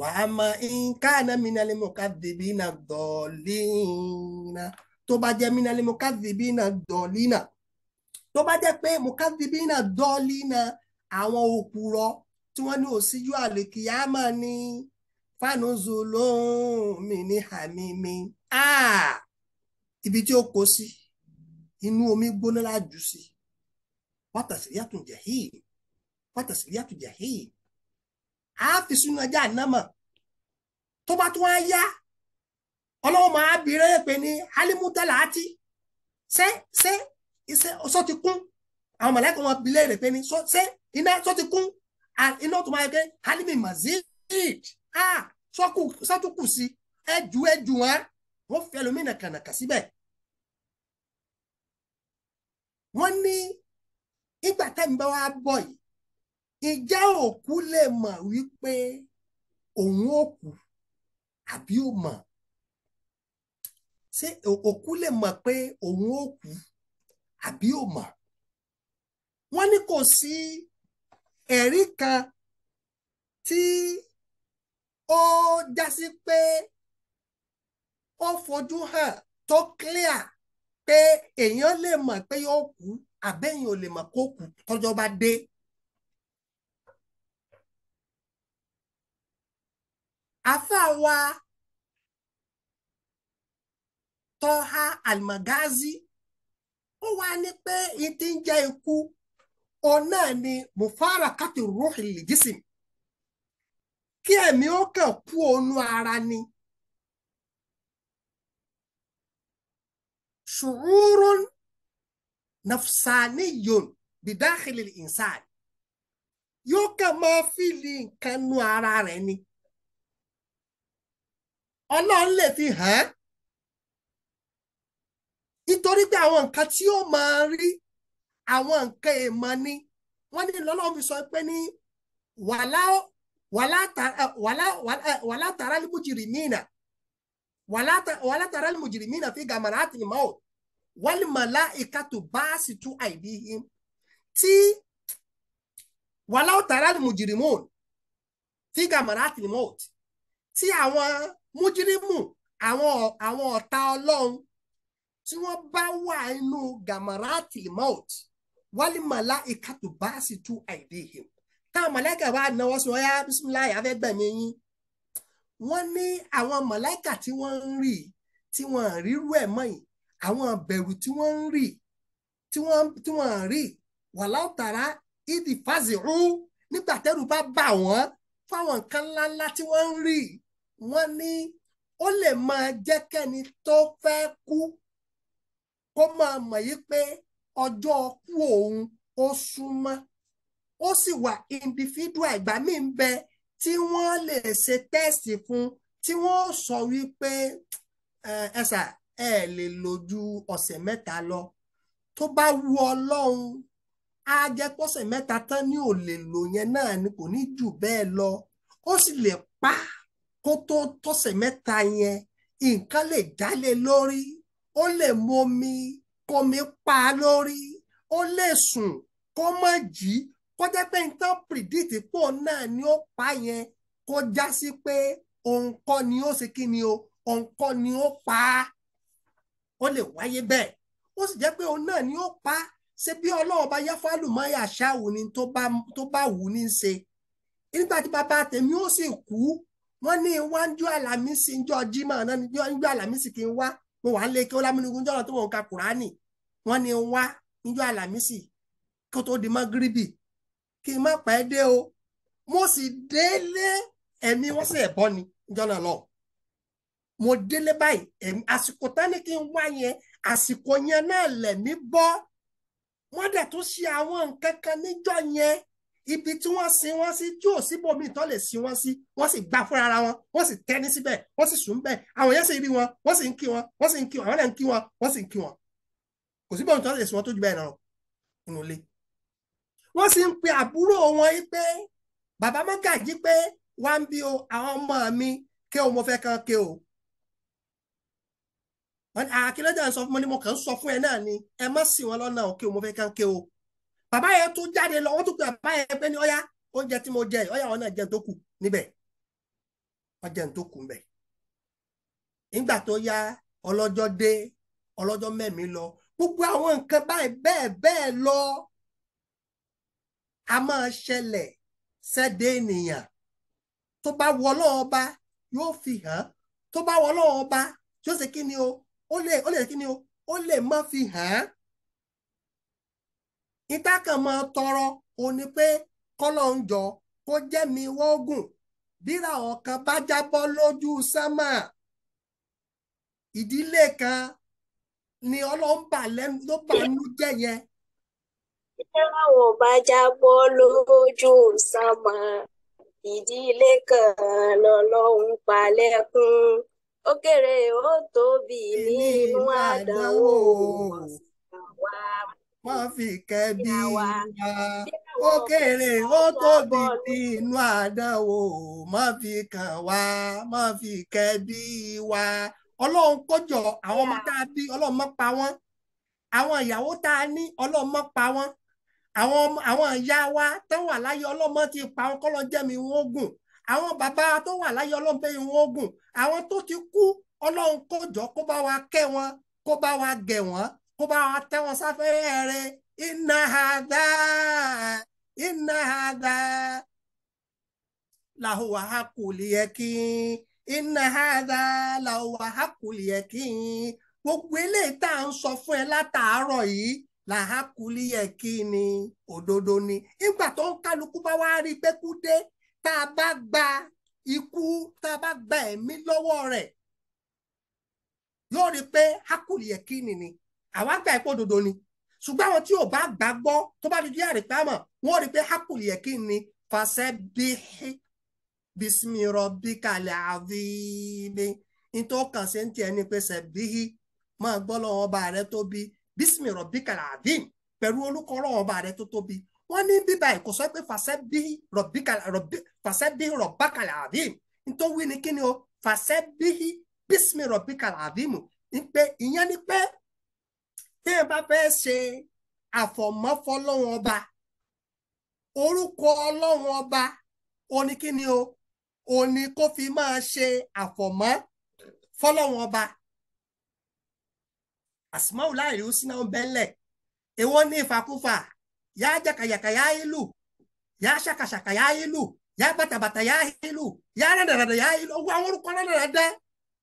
wà á mọ nǹka nàmìnì àlẹ́mọ̀ká dèbí nà dọ̀ọ́lì nà tó bá jẹ́ mìnì àlẹ́mọ̀ká dèbí nà dọ̀ọ́lì nà tó bá jẹ́ pé mukadibina dọ́ọ̀lìnà àwọn òpùrọ̀ tí wọ́n ní òsíjú àlèkìyàmọ̀ ní fánúzù lóhùn mi ní hàmí mi ibi tí ó kó sí inú omi gbóná lájú sí wátàsílíàtù jahim wátàsílíàtù jahim a fi sínú ọjà ànámọ̀ tó bá tún wá yá ọlọ́wọ́ máa bìrẹ́ pé ní alimutala àti ṣé ṣé iṣẹ́ sọ ti kún àwọn mọ̀lẹ́kọ̀ wọn bilẹ̀ rẹ̀ pé ni ṣé iná sọ ti kún iná tó máa yẹ halimi mazid sọ́tùkù sí ẹjù ẹjù wọn wọ́n fi ẹlòmínà kànàkà síbẹ̀ wọ́n ní ìgbà tẹ́mi bá wá bọ̀ yìí ìjẹ́ òkú lè mọ̀ wípé òun ò kú àbí ò mọ̀ ṣé òkú lè mọ̀ pé òun ò kú àbí ò mọ̀ wọ́n ní kò sí ẹ̀rí kan tí ó jásí pé ó fojú hàn tó clear pé èèyàn lè mọ̀ pé yóò kú àbẹ́yìn ò lè mọ̀ kó kú tọ́jọ́ bá dé. àfáà wa Tọ́ha Almagazi ó wá ní pé n ti ń jẹ́ ikú òun náà ni mufarakatu ruhi lijisim kí ẹ̀mí ó kàn kú ònú ara ni. ṣùúrùn nafsaniyun bidakhil al-insan yóò kàn máa fìlì nǹkan nu ara rẹ̀ ni. ọlọ́run lè fi hàn án nítorí pé àwọn nǹkan tí ó máa rí àwọn nǹkan èèmọ̀ ni wọ́n ní lọ́lọ́run fi sọ pé ní wàlá wàlá tààrà lùmùjìrìmínà wàlá tààrà lùmùjìrìmínà fi gàmàrà àti ìmọ̀ọ́ wàlìmọ̀lá ìkàtò báàsì tú àìdí yìí tí wàlá tààrà lùmùjìrìmún fi gàmàrà àti ìmọ̀ọ́ tí àwọn mújìrìmù àwọn ọ̀tá ọlọ́run tí wọ́n bá wà inú gamarati maut wálé màlá ìkàtò bá sì tú àìdè him táwọn màláìkà bá náwó sí ọyá bisimilayi afẹ́gbẹ̀mí yín wọ́n ní àwọn màláìkà tí wọ́n ń rí tí wọ́n rírú ẹ̀ mọ́ yìí àwọn bẹ̀rù tí wọ́n ń rí tí wọ́n ń rí wàláwù tààrà ìdí fásirú nígbà tẹ́rù bá bà wọ́n fáwọn nǹkan ńláńlá tí wọ́n ń rí wọ́n ní ó lè máa jẹ́ kẹ́ni tó fẹ́ kú kó máa mọ̀ yí pé ọjọ́ kú òun ó súnmọ́ ó sì wà individual ìgbà míì ń bẹ tí wọ́n lè ṣe tẹ́ẹ̀sì fún tí wọ́n sọ wípé ẹ̀sà ẹ̀ lè lò ju ọ̀sẹ̀ mẹ́ta lọ tó bá wu ọlọ́run á jẹ́ pọ́sẹ̀ mẹ́ta tán ní ò lè lò yẹn náà ni kò ní jù bẹ́ẹ̀ lọ ó sì lè pa kó tó tọ́sẹ̀ mẹ́ta yẹn nǹkan lè dálé lórí ó lè momi komi pa lórí ó lè sùn kó má jí kó jẹ́ pé nǹkan predict pò náà ni ó pa yẹn kó já sí pé òun kọ́ ni ó ṣe kí ni o òun kọ́ ni ó pa á ó lè wáyé bẹ́ẹ̀ ó sì jẹ́ pé òun náà ni ó pa á ṣe bí ọlọ́run bá yáfálù mọ́ àṣà wù ni tó bá wù ní ṣe nígbà tí bàbá tèmi ó sì kú wọ́n ní iwájú àlàmísì ńjọ́ jimá náà níjọ́ àlàmísì kì í wá mo wà ń lé kí ọlámúnigun jọ̀rọ̀ tó wọ̀ ká kùránì wọ́n ní wá níjọ́ àlàmísì kó tó di mọ́gíríbì kí n má pẹ́ dé o mo sì délé ẹ̀mí wọ́n sì ẹ̀bọ́ ni níjọ́ náà lọ mo délé báyìí ẹ̀mí àsìkò tán ni kí n wá yẹn àsìkò yẹn náà lẹ̀mí bọ́ wọ́n dẹ̀ tún ṣe àwọn nǹkan kan níjọ́ yẹn ibi tí wọ́n sin wọ́n sí tí ò síbòmíì tó lè sin wọ́n sí wọ́n sì gbà fúnra ara wọn wọ́n sì tẹ́ni síbẹ̀ wọ́n sì sùn bẹ́ẹ̀ àwọn yẹn sì rí wọn wọ́n sì ń kí wọn wọ́n sì ń kí wọn àwọn náà ń kí wọn wọ́n sì ń kí wọn kò síbòmíì tó lè sin wọn tó ju bẹ́ẹ̀ náà nínú ilé. wọ́n sì ń pe àbúrò wọn yìí pé bàbá mọ́gàjí pé wá ń bí o àwọn ọmọ mi ké o mo fẹ́ kan ké o. wọ́n ní àkínlẹ́jà sọ fún mi ni mo kàn ń sọ fún ẹ náà ni ẹ má sìn wọn lọ́nà o ké o mo fẹ́ kan ké o bàbá yẹn tún jáde lọ wọ́n tún pe bàbá yẹn pé ní oúnjẹ tí mo jẹ ọ̀yá àwọn náà jẹun tó kù níbẹ̀ wọ́n jẹun tó kù nígbà tó yá ọlọ́jọ́ dé ọlọ́jọ́ mẹ́mí lọ gbogbo àwọn nǹkan báyìí bẹ́ẹ̀ bẹ́ẹ̀ lọ a máa ṣẹlẹ̀ sẹ́dẹ̀ ènìyàn tó bá wọ yóò fi hàn tó bá wọ yóò ìtàkàn máa tọrọ òun ni pé kó jẹ mi bíra bá lójú ìdílé kan ni ọlọ́run lẹ́nu ló bà nú jẹ́ yẹn. bá jábọ́ lójú sánmà ìdílé kan pa lẹ́kún ó kéré ó wọ́n fi kẹ́ bí wa ó kéré ó tóbi nínú àdánwò wọ́n fi kàn wá wọ́n fi kẹ́ wa ọlọ́run kọjọ àwọn ọmọ tá a bí ọlọ́run má pa wọ́n àwọn ìyàwó tá a ní ọlọ́run má pa wọ́n àwọn àwọn ìyá wa tó wà láyé ọlọ́mọ ti pa wọn kọ́ lọ jẹ́mi wọn gùn àwọn bàbá tó wà láyé ọlọ́run bẹ́ẹ̀ wọn gùn àwọn tó ti kú ọlọ́run kọjọ kó bá wa kẹ́ wọn kó bá wa gẹ̀ wọ́n kó bá wa tẹ́wọ́ sáfẹ́rẹ́ rẹ iná hadá iná ha kò lè yẹ kí iná hadá ha kò lè ododo gbogbo eléyìí tá à ń sọ fún ni òdodo ni nígbà tó ń kálukú bá wá rí pé kú dé tá a bá gba ikú tá a bá gba yóò rí àwa gba ẹ̀pọ̀ òdodo ni ṣùgbọ́n àwọn tí ò bá gbàgbọ́ tó bá di di àrèpámọ̀ wọ́n rí pé hápùlì ẹ̀kí ni fàṣẹ bíi bisimilọ bí kalẹ̀ àfihìmí nítorí kàn ṣe ń tiẹ̀ ní pẹ̀sẹ̀ bíi máa gbọ́ lọ́wọ́ ọba rẹ tó bí bisimilọ bí kalẹ̀ àfihìmí pẹ̀lú olùkọ́ ọlọ́wọ́ ọba rẹ tó tóbi wọ́n ní bíbá ẹ̀kọ́ sọ pé fàṣẹ bíi fàṣẹ bíi nítorí ni kí ni o fàṣẹ bíi bisimilọ bí kalẹ̀ àfihìmí ni pé ìyẹn ni pé téèyàn bá fẹ́ ṣe àfọ̀mọ́fọ́lọ́wọ́n ọba orúkọ ọlọ́wọ́n ọba oníkíni o òní kó fi máa ṣe àfọ̀mọ́ fọ́lọ́wọ́n ọba àsìmáwò láàrin ó sínú bẹ́ńlẹ̀ èwo ní ìfàkúfà yá jàkàyàkà yá ìlú yá ṣàkàṣàkà yá ìlú yá bàtàbàtà yá ìlú yá rẹ̀dẹ̀rẹ̀dẹ̀ yá ìlú owó àwọn orúkọ rẹ̀dẹ̀rẹ̀dẹ̀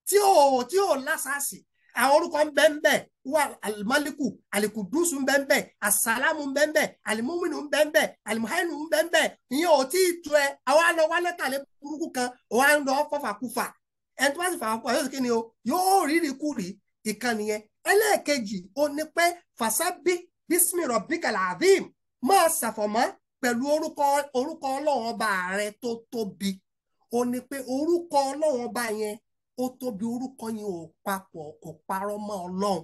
tí ò tí ò lásàásì àwọn orúkọ ń bẹ ń bẹ wà alimaliku alikudusu ń bẹ asalamu ń bẹ ń bẹ alimuminu ń bẹ alimuhainu ń bẹ ìyẹn ò tí ì tu ẹ àwọn àlọ wálé tàlẹ burúkú kan wà ń lọ fọfàkúfà ẹni tó bá sì fàkúfà yóò kí ni o yóò rírì kúrì ìkànnì yẹn ẹlẹ́ẹ̀kejì ó ní pé fasabi bismi rabbikal azim máa ṣàfọ̀mọ́ pẹ̀lú orúkọ orúkọ ọlọ́run ọba rẹ tó tóbi ó ní pé orúkọ ọlọ́run ọba yẹn ó tóbi orúkọ yẹn ò papọ̀ kò parọ́ mọ́ ọlọ́run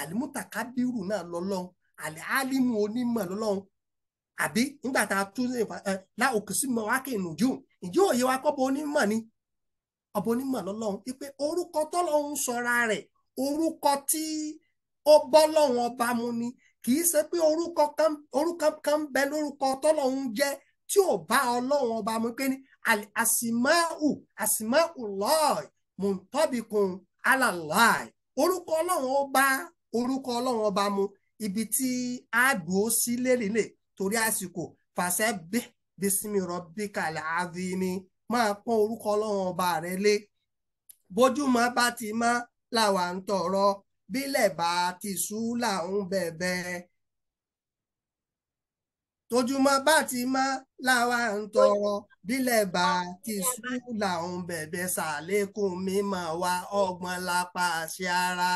àlìmútàkádìrú náà lọ́lọ́run àlẹ́ álímù onímọ̀ lọ́lọ́run àbí nígbà tá a tún ṣe ẹ láòkè sí mọ wákè nùjú ìjọ òye wa kọ́ onímọ̀ ni ọbọ onímọ̀ lọ́lọ́run wípé orúkọ tọ́lọ́run sọra rẹ̀ orúkọ tí ó ni kì í ṣe pé orúkọ kan orúkọ tí ọba mu pé àsìmáù àsìmáù lọ́ọ̀ mùtọ́bìkun alàláì orúkọ ọlọ́run ọba orúkọ ọlọ́run ọba mu ibi tí a dùn ó sí lérìlẹ̀ torí àsìkò fàṣẹ bí bísímì rọbíkà làávìmí máa pọ́n orúkọ ọlọ́run ọba rẹ lé bójúmọ́ bá ti mọ́ làwa ń tọrọ bílẹ̀ bá ti sú là ń bẹ̀bẹ̀ tójúmọ́ bá ti mọ́ láwa ń tọrọ bílẹ̀ bá ti sú làwọn bẹ̀bẹ̀ ṣàlékún mímọ́ wa ọgbọ́n lápá àṣẹ ara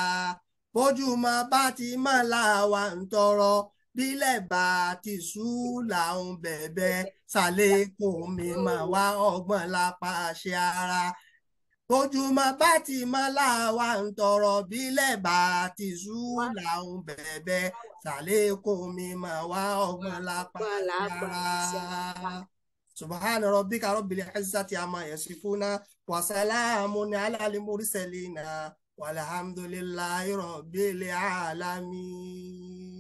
bójúmọ́ bá ti mọ́ láwa ń tọrọ bílẹ̀ bá ti sú làwọn bẹ̀bẹ̀ ṣàlékún mímọ́ wa ọgbọ́n lápá àṣẹ ara ojúmọ́ bá ti mọ́ làwa ń tọrọ bílẹ̀ bá ti sú làwọn bẹ̀bẹ̀ sàlékún mi mà wá ọgbọ́n lápá yàrá. سبحان ربك رب العزة عما يصفون وسلام على المرسلين والحمد لله رب العالمين